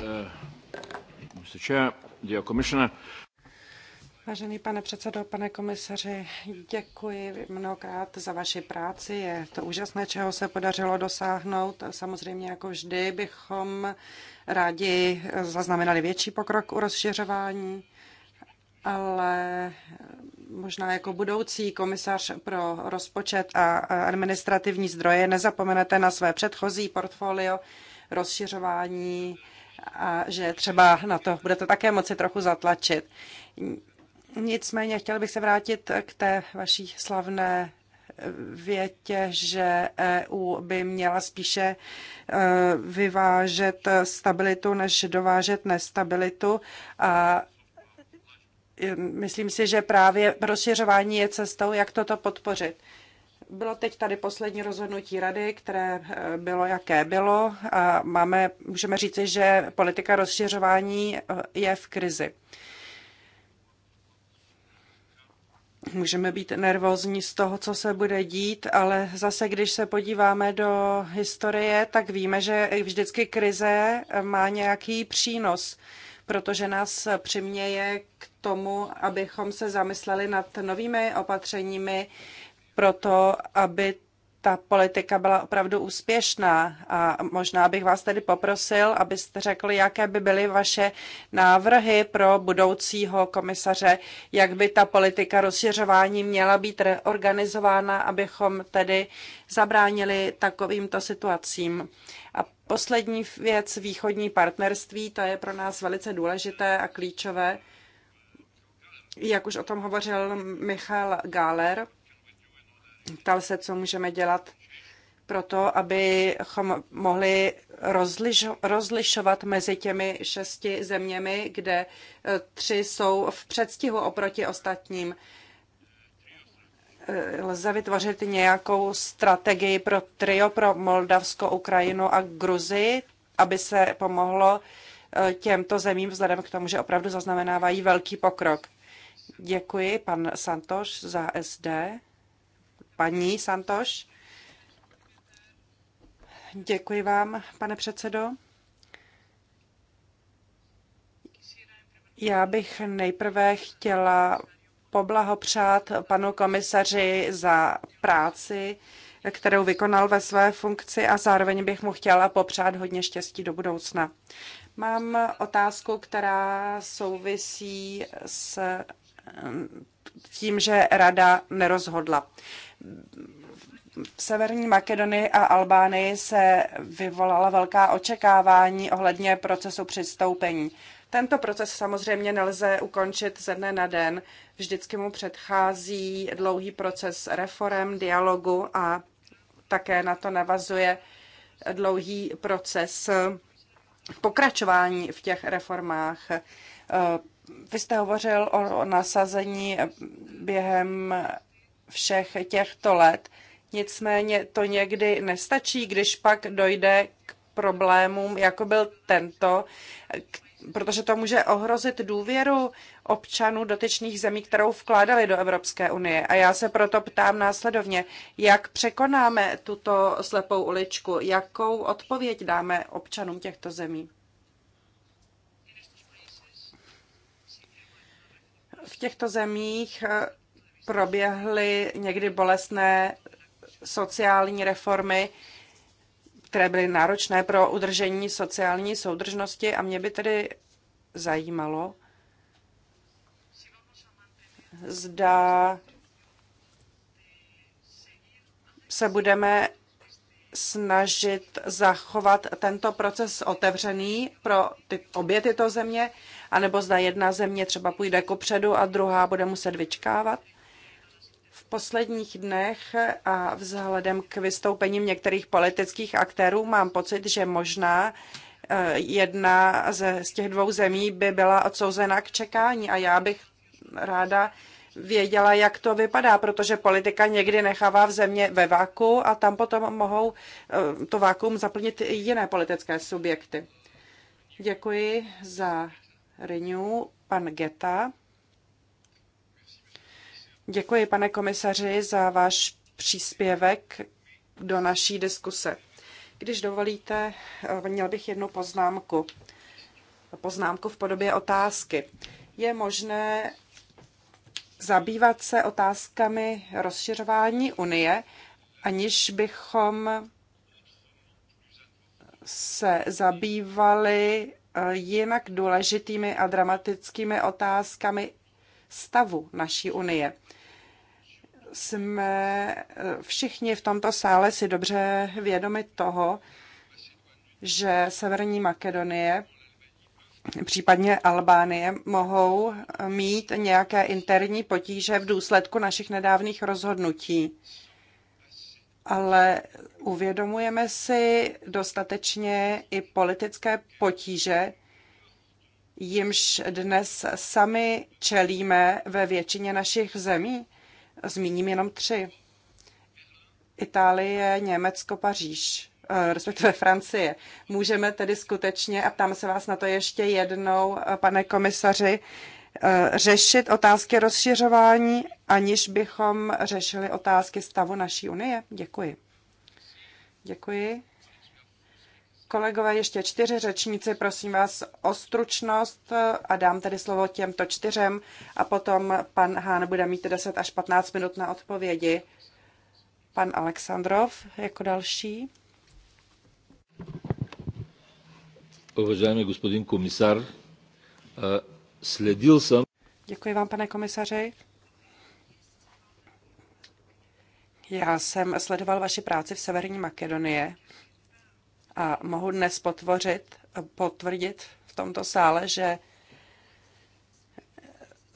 S1: Mr. Chair, dear Commissioner,
S3: Vážený pane předsedo, pane komisaři, děkuji mnohokrát za vaši práci. Je to úžasné, čeho se podařilo dosáhnout. Samozřejmě, jako vždy, bychom rádi zaznamenali větší pokrok u rozšiřování, ale možná jako budoucí komisař pro rozpočet a administrativní zdroje nezapomenete na své předchozí portfolio rozšiřování a že třeba na to budete také moci trochu zatlačit. Nicméně chtěla bych se vrátit k té vaší slavné větě, že EU by měla spíše e, vyvážet stabilitu, než dovážet nestabilitu. A e, myslím si, že právě rozšiřování je cestou, jak toto podpořit. Bylo teď tady poslední rozhodnutí rady, které e, bylo, jaké bylo a máme, můžeme říci, že politika rozšiřování je v krizi. můžeme být nervózní z toho, co se bude dít, ale zase, když se podíváme do historie, tak víme, že vždycky krize má nějaký přínos, protože nás přiměje k tomu, abychom se zamysleli nad novými opatřeními pro to, aby ta politika byla opravdu úspěšná a možná bych vás tedy poprosil, abyste řekli, jaké by byly vaše návrhy pro budoucího komisaře, jak by ta politika rozšiřování měla být reorganizována, abychom tedy zabránili takovýmto situacím. A poslední věc, východní partnerství, to je pro nás velice důležité a klíčové. Jak už o tom hovořil Michal Gáler, Ptal se, co můžeme dělat pro to, abychom mohli rozlišo, rozlišovat mezi těmi šesti zeměmi, kde e, tři jsou v předstihu oproti ostatním. E, lze vytvořit nějakou strategii pro trio pro Moldavsko, Ukrajinu a Gruzii, aby se pomohlo e, těmto zemím, vzhledem k tomu, že opravdu zaznamenávají velký pokrok. Děkuji, pan Santoš za SD. Paní Santoš. Děkuji vám, pane předsedo. Já bych nejprve chtěla poblahopřát panu komisaři za práci, kterou vykonal ve své funkci a zároveň bych mu chtěla popřát hodně štěstí do budoucna. Mám otázku, která souvisí s tím, že rada nerozhodla v Severní Makedonii a Albánii se vyvolala velká očekávání ohledně procesu přistoupení. Tento proces samozřejmě nelze ukončit ze dne na den. Vždycky mu předchází dlouhý proces reform, dialogu a také na to navazuje dlouhý proces pokračování v těch reformách. Vy jste hovořil o nasazení během všech těchto let. Nicméně to někdy nestačí, když pak dojde k problémům, jako byl tento, protože to může ohrozit důvěru občanů dotyčných zemí, kterou vkládali do Evropské unie. A já se proto ptám následovně, jak překonáme tuto slepou uličku, jakou odpověď dáme občanům těchto zemí. V těchto zemích proběhly někdy bolestné sociální reformy, které byly náročné pro udržení sociální soudržnosti a mě by tedy zajímalo, zda se budeme snažit zachovat tento proces otevřený pro ty, obě tyto země, anebo zda jedna země třeba půjde kupředu a druhá bude muset vyčkávat? posledních dnech a vzhledem k vystoupením některých politických aktérů mám pocit, že možná eh, jedna ze, z těch dvou zemí by byla odsouzena k čekání a já bych ráda věděla, jak to vypadá, protože politika někdy nechává v země ve váku a tam potom mohou eh, to vákuum zaplnit i jiné politické subjekty. Děkuji za Renew, pan Geta. Děkuji, pane komisaři, za váš příspěvek do naší diskuse. Když dovolíte, měl bych jednu poznámku. Poznámku v podobě otázky. Je možné zabývat se otázkami rozšiřování Unie, aniž bychom se zabývali eh, jinak důležitými a dramatickými otázkami stavu naší Unie jsme eh, všichni v tomto sále si dobře vědomi toho, že Severní Makedonie, případně Albánie, mohou mít nějaké interní potíže v důsledku našich nedávných rozhodnutí. Ale uvědomujeme si dostatečně i politické potíže, jimž dnes sami čelíme ve většině našich zemí. Zmíním jenom tři. Itálie, Německo, Paříž, eh, respektive Francie. Můžeme tedy skutečně, a ptám se vás na to ještě jednou, eh, pane komisaři, eh, řešit otázky rozšiřování, aniž bychom řešili otázky stavu naší unie? Děkuji. Děkuji. Kolegové, ještě čtyři řečníci, prosím vás o stručnost a dám tedy slovo těmto čtyřem a potom pan Hán bude mít 10 až 15 minut na odpovědi. Pan Alexandrov jako další.
S2: Уважаеми господин комисар, Sledil jsem.
S3: Děkuji vám, pane komisaři. Já jsem sledoval vaši práci v Severní Makedonii a mohu dnes potvořit, potvrdit v tomto sále, že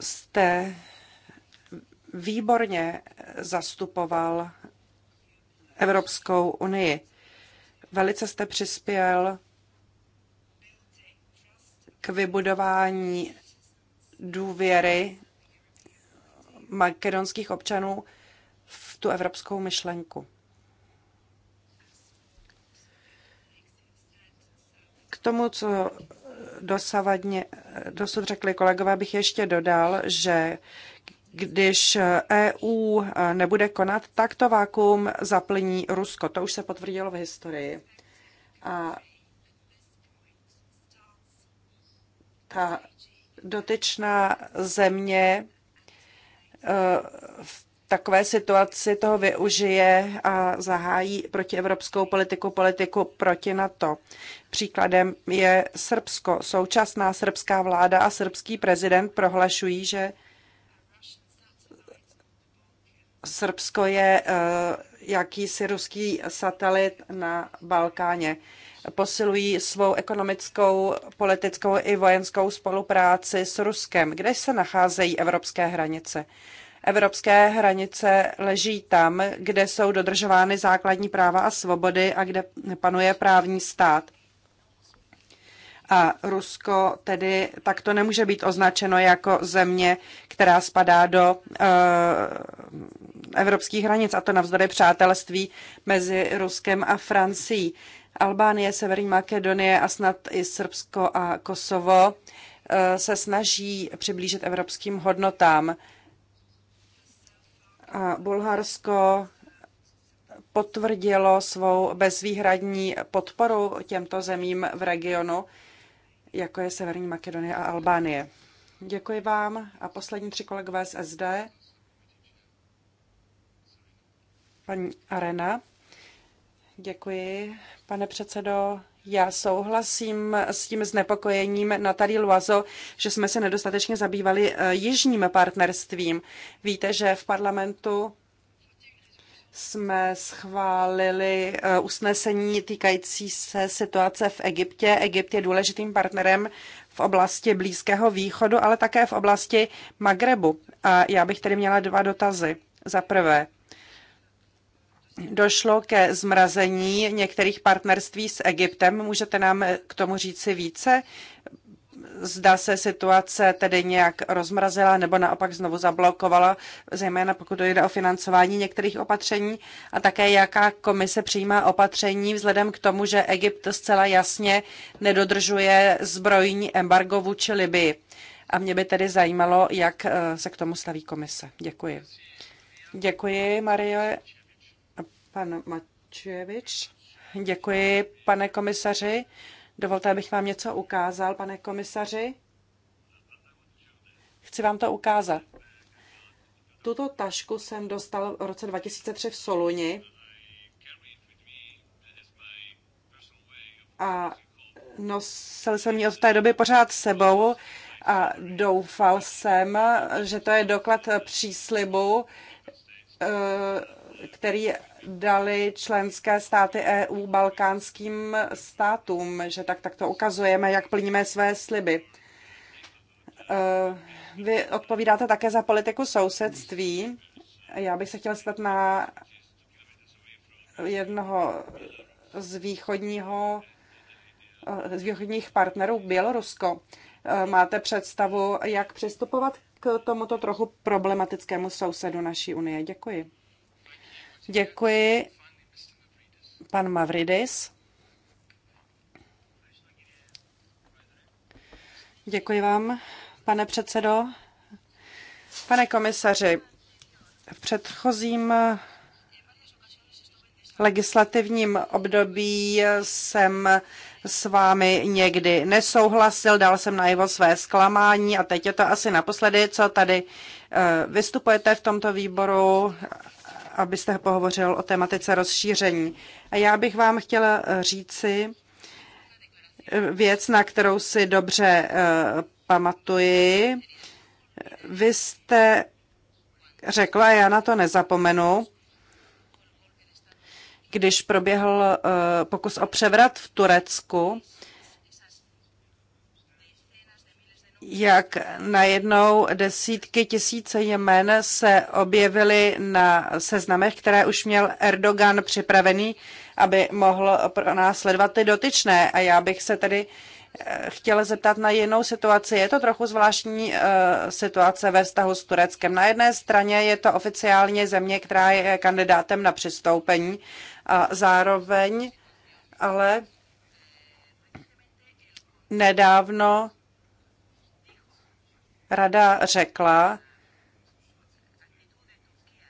S3: jste výborně zastupoval Evropskou unii. Velice jste přispěl k vybudování důvěry makedonských občanů v tu evropskou myšlenku. tomu, co dosavadně, dosud řekli kolegové, bych ještě dodal, že když EU nebude konat, tak to vákuum zaplní Rusko. To už se potvrdilo v historii. A ta dotyčná země eh, v takové situaci toho využije a zahájí protievropskou politiku, politiku proti NATO. Příkladem je Srbsko. Současná srbská vláda a srbský prezident prohlašují, že Srbsko je eh, jakýsi ruský satelit na Balkáně. Posilují svou ekonomickou, politickou i vojenskou spolupráci s Ruskem. Kde se nacházejí evropské hranice? Evropské hranice leží tam, kde jsou dodržovány základní práva a svobody a kde panuje právní stát. A Rusko tedy takto nemůže být označeno jako země, která spadá do eh, evropských hranic, a to navzdory přátelství mezi Ruskem a Francií. Albánie, Severní Makedonie a snad i Srbsko a Kosovo eh, se snaží přiblížit evropským hodnotám. Bulharsko potvrdilo svou bezvýhradní podporu těmto zemím v regionu, jako je Severní Makedonie a Albánie. Děkuji vám a poslední tři kolegové z SD. Paní Arena. Děkuji, pane předsedo. Já souhlasím s tím znepokojením Natali Loazo, že jsme se nedostatečně zabývali eh, jižním partnerstvím. Víte, že v parlamentu jsme schválili eh, usnesení týkající se situace v Egyptě. Egypt je důležitým partnerem v oblasti Blízkého východu, ale také v oblasti Magrebu. A já bych tedy měla dva dotazy. Za prvé, došlo ke zmrazení některých partnerství s Egyptem. Můžete nám k tomu říci více? Zda se situace tedy nějak rozmrazila nebo naopak znovu zablokovala, zejména pokud jde o financování některých opatření a také jaká komise přijímá opatření vzhledem k tomu, že Egypt zcela jasně nedodržuje zbrojní embargo vůči Libii. A mě by tedy zajímalo, jak eh, se k tomu staví komise. Děkuji. Děkuji, Marie. Pan Mačevič. Děkuji, pane komisaři. Dovolte, abych vám něco ukázal, pane komisaři. Chci vám to ukázat. Tuto tašku jsem dostal v roce 2003 v Soluni a nosil jsem ji od té doby pořád sebou a doufal jsem, že to je doklad příslibu, eh, který dali členské státy EU balkánským státům, že tak tak to ukazujeme, jak plníme své sliby. Eh, vy odpovídáte také za politiku sousedství. Já bych se chtěla stát na jednoho z východního eh, z východních partnerů Bělorusko. Eh, máte představu, jak přistupovat k tomuto trochu problematickému sousedu naší unie? Děkuji. Děkuji. Pan Mavridis. Děkuji vám, pane předsedo. Pane komisaři, v předchozím legislativním období jsem s vámi někdy nesouhlasil, dal jsem najevo své zklamání a teď je to asi naposledy, co tady eh, vystupujete v tomto výboru abyste pohovořil o tématice rozšíření. A já bych vám chtěla eh, říci eh, věc, na kterou si dobře eh, pamatuji. Vy jste řekla, já na to nezapomenu, když proběhl pokus o převrat v Turecku, jak najednou desítky tisíce jmen se objevily na seznamech, které už měl Erdogan připravený, aby mohl následovat ty dotyčné. A já bych se tedy eh, chtěla zeptat na jinou situaci. Je to trochu zvláštní eh, situace ve vztahu s Tureckem. Na jedné straně je to oficiálně země, která je kandidátem na přistoupení a zároveň ale nedávno Rada řekla,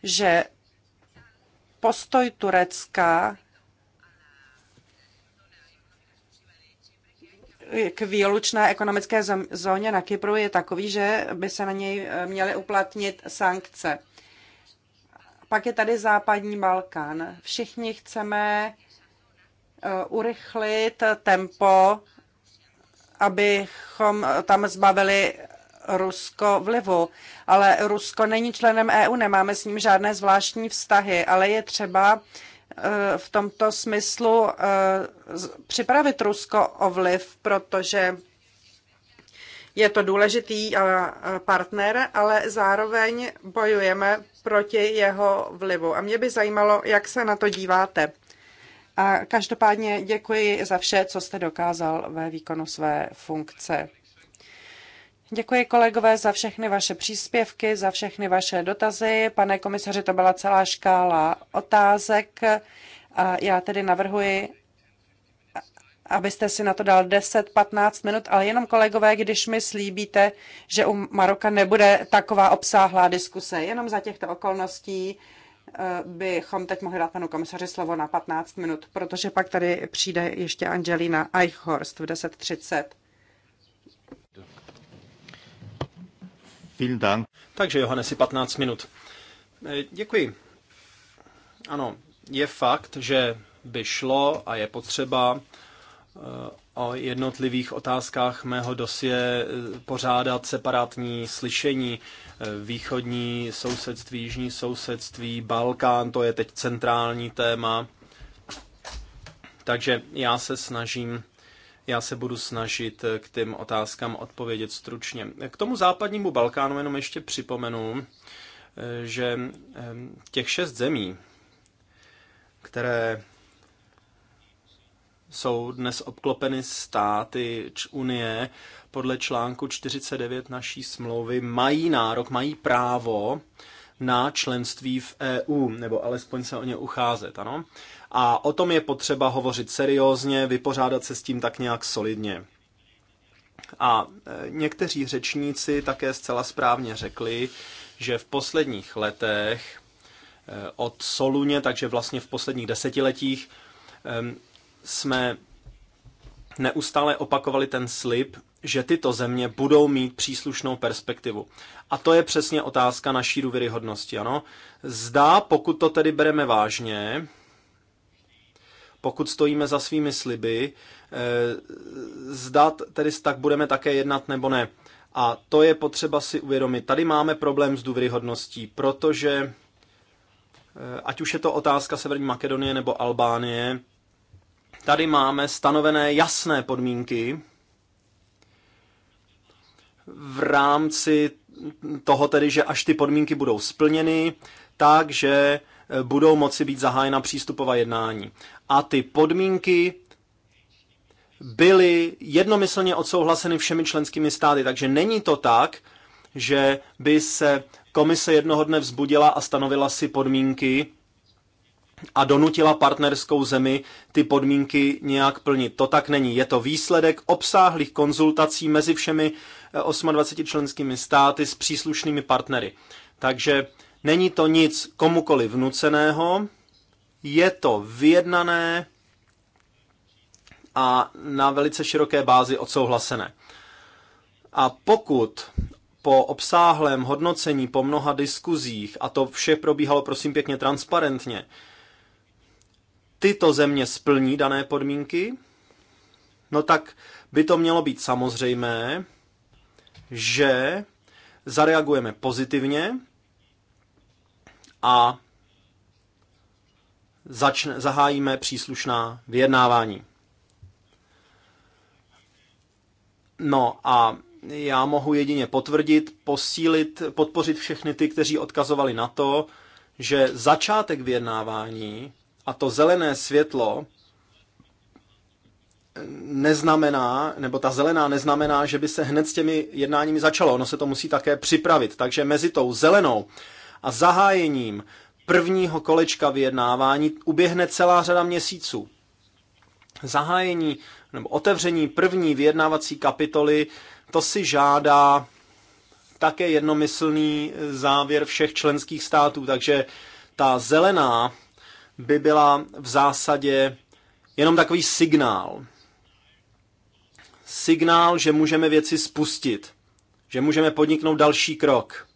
S3: že postoj Turecka k výlučné ekonomické zóně na Kypru je takový, že by se na něj eh, měly uplatnit sankce. Pak je tady západní Balkán. Všichni chceme eh, urychlit tempo, abychom tam zbavili Rusko vlivu. Ale Rusko není členem EU, nemáme s ním žádné zvláštní vztahy, ale je třeba eh, v tomto smyslu eh, připravit Rusko o vliv, protože je to důležitý eh, partner, ale zároveň bojujeme proti jeho vlivu. A mě by zajímalo, jak se na to díváte. A každopádně děkuji za vše, co jste dokázal ve výkonu své funkce. Děkuji kolegové za všechny vaše příspěvky, za všechny vaše dotazy. Pane komisaři, to byla celá škála otázek. A já tedy navrhuji, abyste si na to dal 10-15 minut, ale jenom kolegové, když mi slíbíte, že u Maroka nebude taková obsáhlá diskuse, jenom za těchto okolností eh, bychom teď mohli dát panu komisaři slovo na 15 minut, protože pak tady přijde ještě Angelina Eichhorst v 10.30.
S1: Vielen Dank. Takže Johannesi, 15 minut. Eh, děkuji. Ano, je fakt, že by šlo a je potřeba eh, o jednotlivých otázkách mého dosie eh, pořádat separátní slyšení. Východní sousedství, jižní sousedství, Balkán, to je teď centrální téma. Takže já se snažím já se budu snažit eh, k těm otázkám odpovědět stručně. K tomu západnímu Balkánu jenom ještě připomenu, eh, že eh, těch šest zemí, které jsou dnes obklopeny státy Unie podle článku 49 naší smlouvy, mají nárok, mají právo na členství v EU, nebo alespoň se o ně ucházet, ano? A o tom je potřeba hovořit seriózně, vypořádat se s tím tak nějak solidně. A e, někteří řečníci také zcela správně řekli, že v posledních letech e, od Soluně, takže vlastně v posledních desetiletích, e, jsme neustále opakovali ten slib, že tyto země budou mít příslušnou perspektivu. A to je přesně otázka naší důvěryhodnosti, ano. Zdá, pokud to tedy bereme vážně, pokud stojíme za svými sliby, eh, zda tedy tak budeme také jednat nebo ne. A to je potřeba si uvědomit. Tady máme problém s důvěryhodností, protože eh, ať už je to otázka Severní Makedonie nebo Albánie, tady máme stanovené jasné podmínky, v rámci toho tedy, že až ty podmínky budou splněny, takže eh, budou moci být zahájena přístupová jednání. A ty podmínky byly jednomyslně odsouhlaseny všemi členskými státy, takže není to tak, že by se komise jednoho dne vzbudila a stanovila si podmínky, a donutila partnerskou zemi ty podmínky nějak plnit. To tak není. Je to výsledek obsáhlých konzultací mezi všemi 28 eh, členskými státy s příslušnými partnery. Takže není to nic komukoli vnuceného, je to vyjednané a na velice široké bázi odsouhlasené. A pokud po obsáhlém hodnocení, po mnoha diskuzích, a to vše probíhalo prosím pěkně transparentně, tyto země splní dané podmínky, no tak by to mělo být samozřejmé, že zareagujeme pozitivně a začne, zahájíme příslušná vyjednávání. No a já mohu jedině potvrdit, posílit, podpořit všechny ty, kteří odkazovali na to, že začátek vyjednávání a to zelené světlo neznamená, nebo ta zelená neznamená, že by se hned s těmi jednáními začalo. Ono se to musí také připravit. Takže mezi tou zelenou a zahájením prvního kolečka vyjednávání uběhne celá řada měsíců. Zahájení nebo otevření první vyjednávací kapitoly, to si žádá také jednomyslný závěr všech členských států. Takže ta zelená by byla v zásadě jenom takový signál. Signál, že můžeme věci spustit, že můžeme podniknout další krok,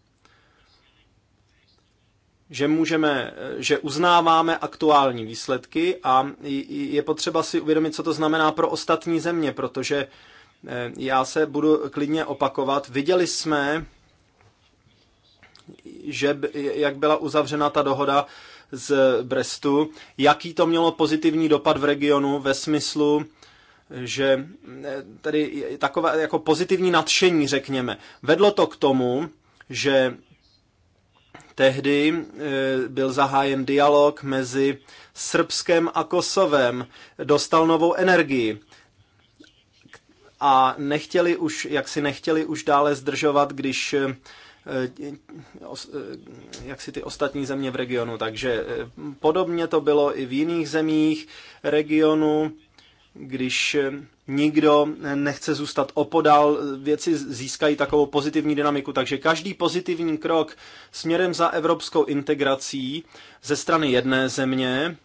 S1: že můžeme, že uznáváme aktuální výsledky a je potřeba si uvědomit, co to znamená pro ostatní země, protože eh, já se budu klidně opakovat. Viděli jsme, že, jak byla uzavřena ta dohoda z Brestu, jaký to mělo pozitivní dopad v regionu ve smyslu, že eh, tady takové jako pozitivní nadšení, řekněme. Vedlo to k tomu, že Tehdy eh, byl zahájen dialog mezi Srbskem a Kosovem, dostal novou energii a nechtěli už, jak si nechtěli už dále zdržovat, když eh, Eh, eh, jak si ty ostatní země v regionu. Takže eh, podobně to bylo i v jiných zemích regionu, když nikdo nechce zůstat opodál, věci získají takovou pozitivní dynamiku. Takže každý pozitivní krok směrem za evropskou integrací ze strany jedné země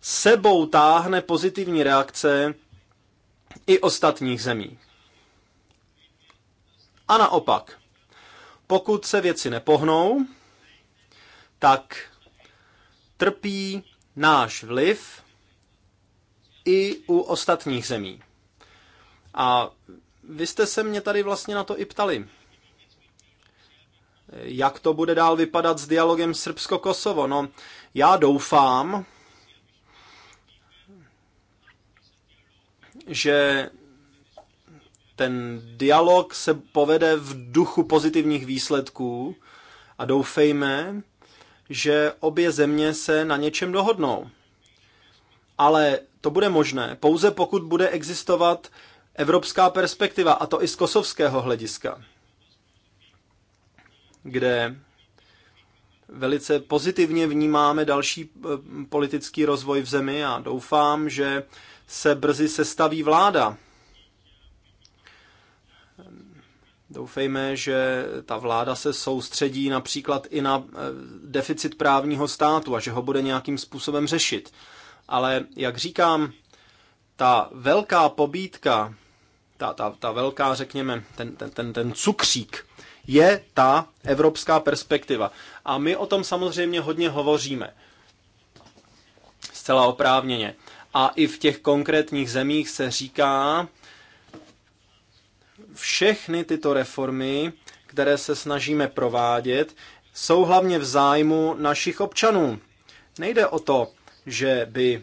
S1: sebou táhne pozitivní reakce i ostatních zemí. A naopak. Pokud se věci nepohnou, tak trpí náš vliv i u ostatních zemí. A vy jste se mě tady vlastně na to i ptali. Jak to bude dál vypadat s dialogem Srbsko-Kosovo? No, já doufám, že ten dialog se povede v duchu pozitivních výsledků a doufejme, že obě země se na něčem dohodnou. Ale to bude možné pouze pokud bude existovat evropská perspektiva, a to i z kosovského hlediska, kde velice pozitivně vnímáme další eh, politický rozvoj v zemi a doufám, že se brzy sestaví vláda, Doufejme, že ta vláda se soustředí například i na eh, deficit právního státu a že ho bude nějakým způsobem řešit. Ale jak říkám, ta velká pobídka, ta, ta, ta velká, řekněme, ten, ten, ten, ten cukřík, je ta evropská perspektiva. A my o tom samozřejmě hodně hovoříme. Zcela oprávněně. A i v těch konkrétních zemích se říká, všechny tyto reformy, které se snažíme provádět, jsou hlavně v zájmu našich občanů. Nejde o to, že by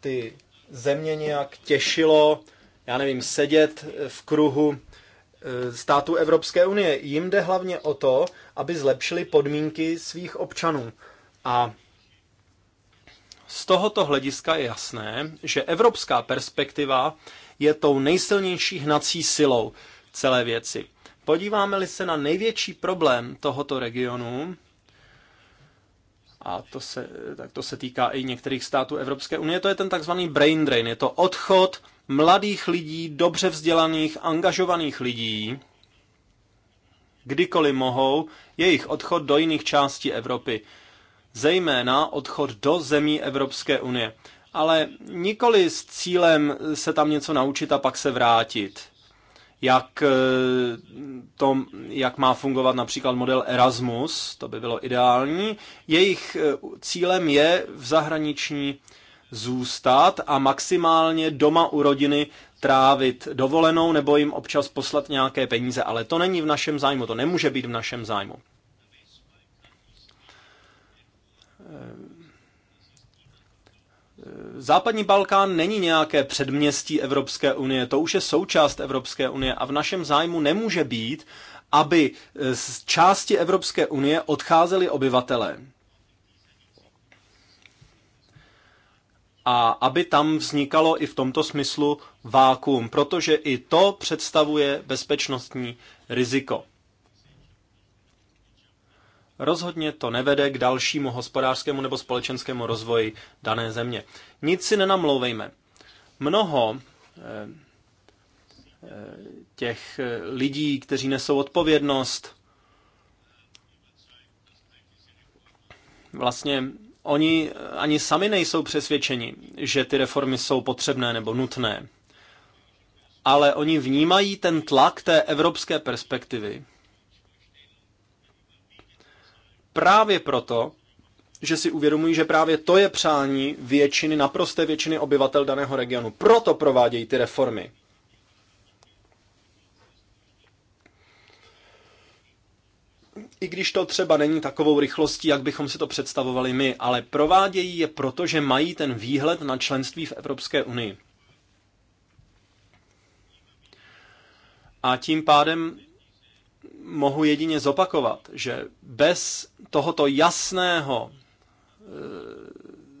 S1: ty země nějak těšilo, já nevím, sedět eh, v kruhu eh, států Evropské unie. Jim jde hlavně o to, aby zlepšili podmínky svých občanů. A z tohoto hlediska je jasné, že evropská perspektiva je tou nejsilnější hnací silou celé věci. Podíváme-li se na největší problém tohoto regionu, a to se, tak to se týká i některých států Evropské unie, to je ten takzvaný brain drain. Je to odchod mladých lidí, dobře vzdělaných, angažovaných lidí, kdykoliv mohou, jejich odchod do jiných částí Evropy, zejména odchod do zemí Evropské unie ale nikoli s cílem se tam něco naučit a pak se vrátit. Jak, eh, to, jak má fungovat například model Erasmus, to by bylo ideální. Jejich eh, cílem je v zahraničí zůstat a maximálně doma u rodiny trávit dovolenou nebo jim občas poslat nějaké peníze, ale to není v našem zájmu, to nemůže být v našem zájmu eh, Západní Balkán není nějaké předměstí Evropské unie, to už je součást Evropské unie a v našem zájmu nemůže být, aby e, z části Evropské unie odcházeli obyvatelé. A aby tam vznikalo i v tomto smyslu vákuum, protože i to představuje bezpečnostní riziko. Rozhodně to nevede k dalšímu hospodářskému nebo společenskému rozvoji dané země. Nic si nenamlouvejme. Mnoho eh, eh, těch eh, lidí, kteří nesou odpovědnost, vlastně oni ani sami nejsou přesvědčeni, že ty reformy jsou potřebné nebo nutné. Ale oni vnímají ten tlak té evropské perspektivy Právě proto, že si uvědomují, že právě to je přání většiny, naprosté většiny obyvatel daného regionu. Proto provádějí ty reformy. I když to třeba není takovou rychlostí, jak bychom si to představovali my, ale provádějí je proto, že mají ten výhled na členství v Evropské unii. A tím pádem mohu jedině zopakovat, že bez tohoto jasného e,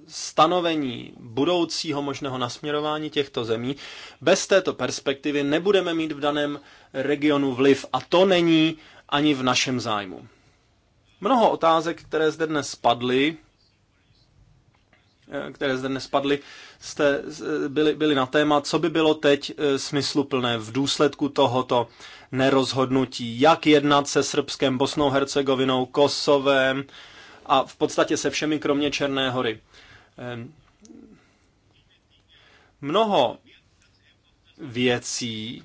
S1: stanovení budoucího možného nasměrování těchto zemí, bez této perspektivy nebudeme mít v daném regionu vliv a to není ani v našem zájmu. Mnoho otázek, které zde dnes padly, které zde dnes padly, jste, byli, byli na téma, co by bylo teď eh, smysluplné v důsledku tohoto nerozhodnutí, jak jednat se Srbskem, Bosnou, Hercegovinou, Kosovem a v podstatě se všemi, kromě Černé hory. Ehm, mnoho věcí,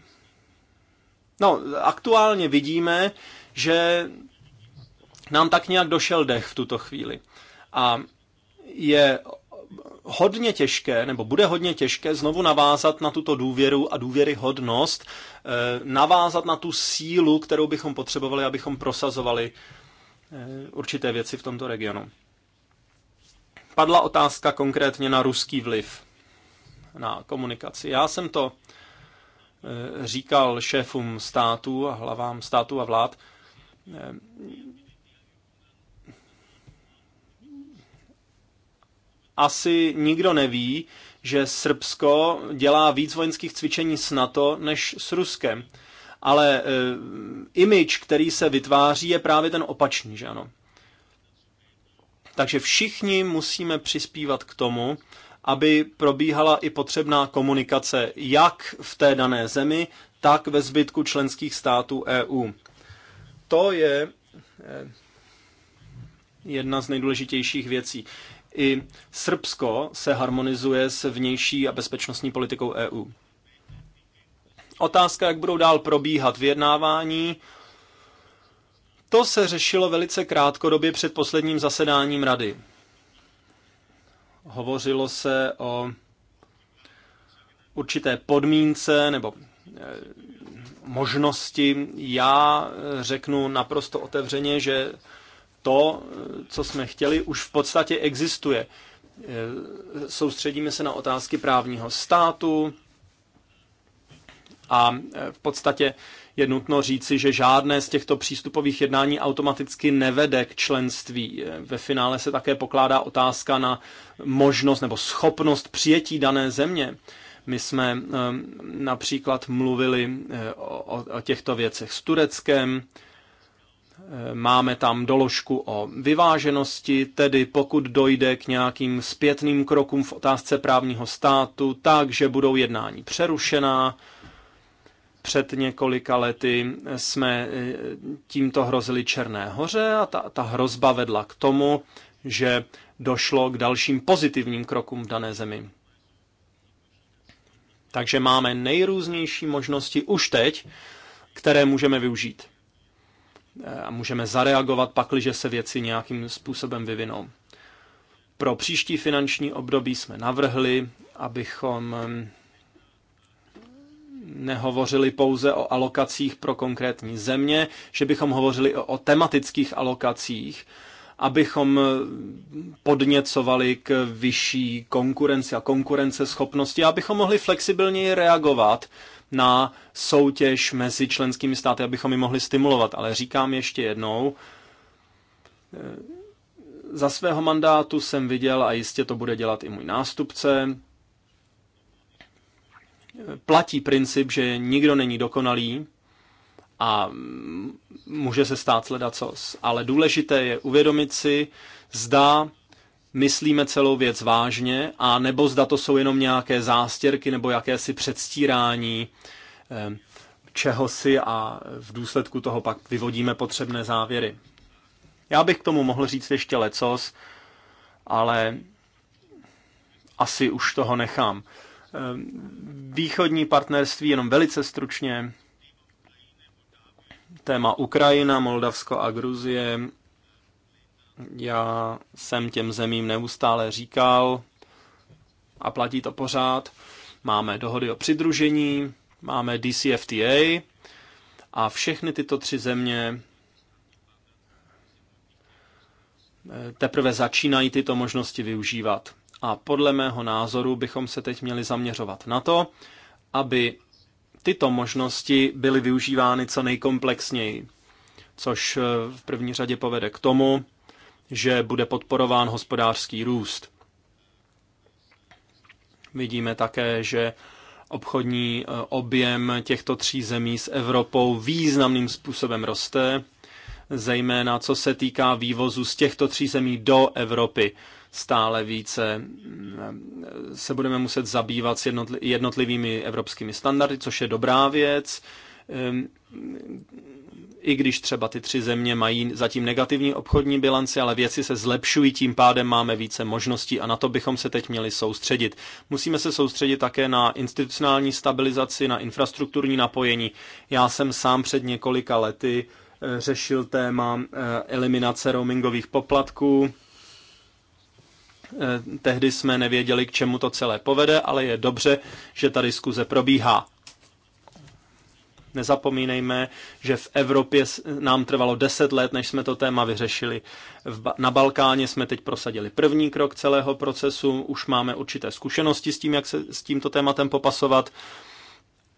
S1: no aktuálně vidíme, že nám tak nějak došel dech v tuto chvíli. A je hodně těžké, nebo bude hodně těžké znovu navázat na tuto důvěru a důvěryhodnost, eh, navázat na tu sílu, kterou bychom potřebovali, abychom prosazovali eh, určité věci v tomto regionu. Padla otázka konkrétně na ruský vliv na komunikaci. Já jsem to eh, říkal šéfům států a hlavám států a vlád. asi nikdo neví, že Srbsko dělá víc vojenských cvičení s NATO než s Ruskem. Ale e, image, který se vytváří, je právě ten opačný, že ano? Takže všichni musíme přispívat k tomu, aby probíhala i potřebná komunikace jak v té dané zemi, tak ve zbytku členských států EU. To je e, jedna z nejdůležitějších věcí. I Srbsko se harmonizuje s vnější a bezpečnostní politikou EU. Otázka, jak budou dál probíhat vyjednávání, to se řešilo velice krátkodobě před posledním zasedáním rady. Hovořilo se o určité podmínce nebo eh, možnosti. Já řeknu naprosto otevřeně, že to, co jsme chtěli, už v podstatě existuje. E, soustředíme se na otázky právního státu a e, v podstatě je nutno říci, že žádné z těchto přístupových jednání automaticky nevede k členství. E, ve finále se také pokládá otázka na možnost nebo schopnost přijetí dané země. My jsme například mluvili o, o těchto věcech s Tureckem, Máme tam doložku o vyváženosti, tedy pokud dojde k nějakým zpětným krokům v otázce právního státu, takže budou jednání přerušená. Před několika lety jsme eh, tímto hrozili Černé hoře a ta, ta hrozba vedla k tomu, že došlo k dalším pozitivním krokům v dané zemi. Takže máme nejrůznější možnosti už teď, které můžeme využít a můžeme zareagovat pakliže se věci nějakým způsobem vyvinou. Pro příští finanční období jsme navrhli, abychom nehovořili pouze o alokacích pro konkrétní země, že bychom hovořili o, tematických alokacích, abychom podněcovali k vyšší konkurenci a konkurenceschopnosti, abychom mohli flexibilněji reagovat na soutěž mezi členskými státy, abychom ji mohli stimulovat. Ale říkám ještě jednou, e, za svého mandátu jsem viděl, a jistě to bude dělat i můj nástupce, e, platí princip, že nikdo není dokonalý a může se stát sledat cos. Ale důležité je uvědomit si, zda myslíme celou věc vážně, a nebo zda to jsou jenom nějaké zástěrky nebo jakési předstírání eh, čehosi a v důsledku toho pak vyvodíme potřebné závěry. Já bych k tomu mohl říct ještě lecos, ale asi už toho nechám. Eh, východní partnerství jenom velice stručně. Téma Ukrajina, Moldavsko a Gruzie já jsem těm zemím neustále říkal, a platí to pořád, máme dohody o přidružení, máme DCFTA a všechny tyto tři země eh, teprve začínají tyto možnosti využívat. A podle mého názoru bychom se teď měli zaměřovat na to, aby tyto možnosti byly využívány co nejkomplexněji, což eh, v první řadě povede k tomu, že bude podporován hospodářský růst. Vidíme také, že obchodní eh, objem těchto tří zemí s Evropou významným způsobem roste, zejména co se týká vývozu z těchto tří zemí do Evropy. Stále více mm, se budeme muset zabývat s jednotlivými evropskými standardy, což je dobrá věc ehm, i když třeba ty tři země mají zatím negativní obchodní bilanci, ale věci se zlepšují, tím pádem máme více možností a na to bychom se teď měli soustředit. Musíme se soustředit také na institucionální stabilizaci, na infrastrukturní napojení. Já jsem sám před několika lety eh, řešil téma eh, eliminace roamingových poplatků. Eh, tehdy jsme nevěděli, k čemu to celé povede, ale je dobře, že ta diskuze probíhá. Nezapomínejme, že v Evropě nám trvalo deset let, než jsme to téma vyřešili. Na Balkáně jsme teď prosadili první krok celého procesu, už máme určité zkušenosti s tím, jak se s tímto tématem popasovat,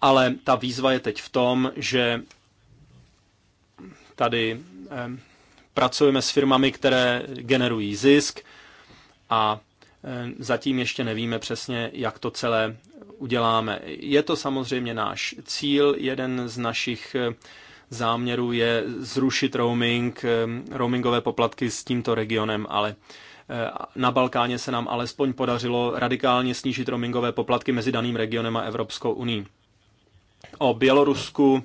S1: ale ta výzva je teď v tom, že tady pracujeme s firmami, které generují zisk a zatím ještě nevíme přesně, jak to celé uděláme. Je to samozřejmě náš cíl, jeden z našich eh, záměrů je zrušit roaming, eh, roamingové poplatky s tímto regionem, ale eh, na Balkáně se nám alespoň podařilo radikálně snížit roamingové poplatky mezi daným regionem a Evropskou uní. O Bělorusku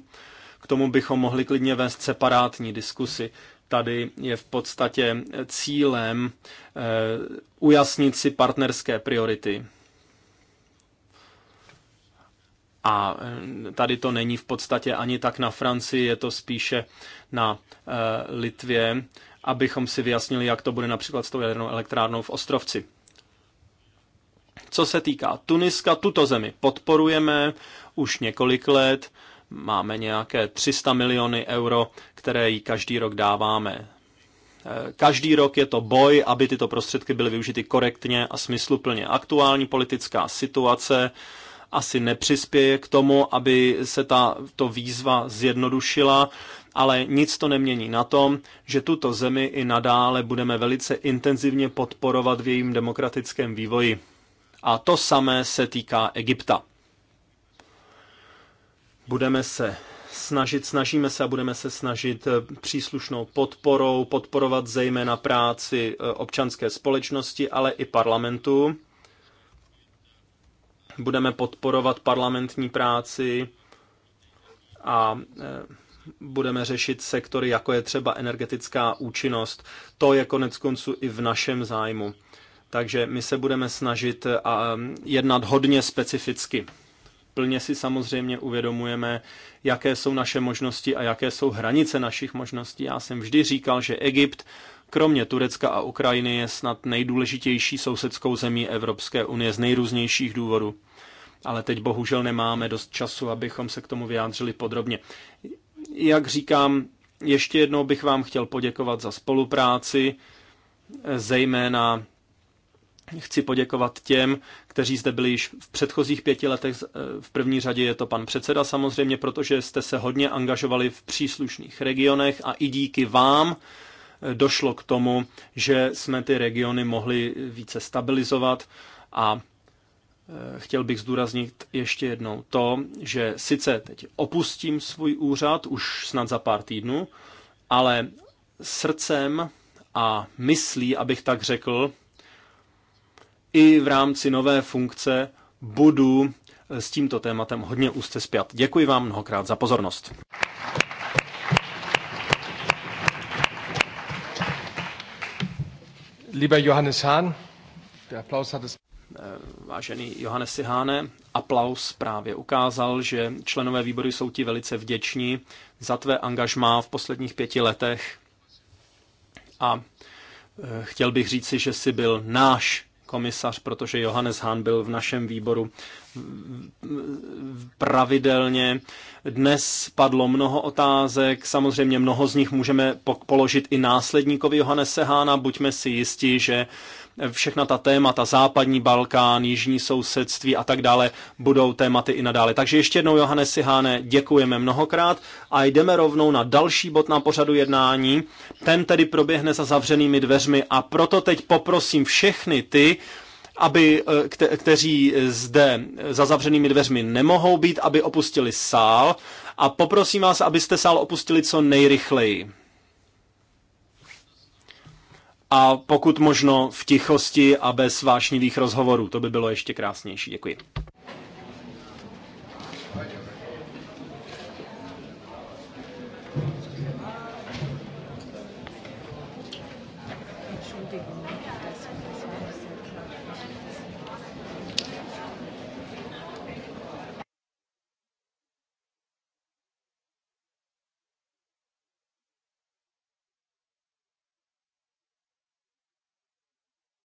S1: k tomu bychom mohli klidně vést separátní diskusy. Tady je v podstatě cílem ujasnit si partnerské priority. A eh, tady to není v podstatě ani tak na Francii, je to spíše na eh, Litvě, abychom si vyjasnili, jak to bude například s tou jadernou elektrárnou v Ostrovci. Co se týká Tuniska, tuto zemi podporujeme už několik let. Máme nějaké 300 miliony euro, které jí každý rok dáváme. Eh, každý rok je to boj, aby tyto prostředky byly využity korektně a smysluplně. Aktuální politická situace asi nepřispěje k tomu, aby se ta to výzva zjednodušila, ale nic to nemění na tom, že tuto zemi i nadále budeme velice intenzivně podporovat v jejím demokratickém vývoji. A to samé se týká Egypta. Budeme se snažit, snažíme se a budeme se snažit eh, příslušnou podporou, podporovat zejména práci eh, občanské společnosti, ale i parlamentu, budeme podporovat parlamentní práci a e, budeme řešit sektory, jako je třeba energetická účinnost. To je konec konců i v našem zájmu. Takže my se budeme snažit e, a e, jednat hodně specificky. Plně si samozřejmě uvědomujeme, jaké jsou naše možnosti a jaké jsou hranice našich možností. Já jsem vždy říkal, že Egypt kromě Turecka a Ukrajiny je snad nejdůležitější sousedskou zemí Evropské unie z nejrůznějších důvodů. Ale teď bohužel nemáme dost času, abychom se k tomu vyjádřili podrobně. Jak říkám, ještě jednou bych vám chtěl poděkovat za spolupráci, zejména chci poděkovat těm, kteří zde byli již v předchozích pěti letech. V první řadě je to pan předseda samozřejmě, protože jste se hodně angažovali v příslušných regionech a i díky vám došlo k tomu, že jsme ty regiony mohli více stabilizovat a e, chtěl bych zdůraznit ještě jednou to, že sice teď opustím svůj úřad už snad za pár týdnů, ale srdcem a myslí, abych tak řekl, i v rámci nové funkce budu s tímto tématem hodně úzce zpět. Děkuji vám mnohokrát za pozornost. Lieber Johannes Hahn, der Applaus hat es eh, vážený Johannesi Háne, aplaus právě ukázal, že členové výboru jsou ti velice vděční za tvé angažmá v posledních pěti letech. A eh, chtěl bych říci, že jsi byl náš komisař, protože Johannes Hahn byl v našem výboru pravidelně. Dnes padlo mnoho otázek, samozřejmě mnoho z nich můžeme položit i následníkovi Johannese Hána. Buďme si jistí, že všechna ta témata, západní Balkán, jižní sousedství a tak dále, budou tématy i nadále. Takže ještě jednou, Johane Siháne, děkujeme mnohokrát a jdeme rovnou na další bod na pořadu jednání. Ten tedy proběhne za zavřenými dveřmi a proto teď poprosím všechny ty, aby, eh, kte, kteří zde za zavřenými dveřmi nemohou být, aby opustili sál a poprosím vás, abyste sál opustili co nejrychleji a pokud možno v tichosti a bez vášnivých rozhovorů. To by bylo ještě krásnější. Děkuji.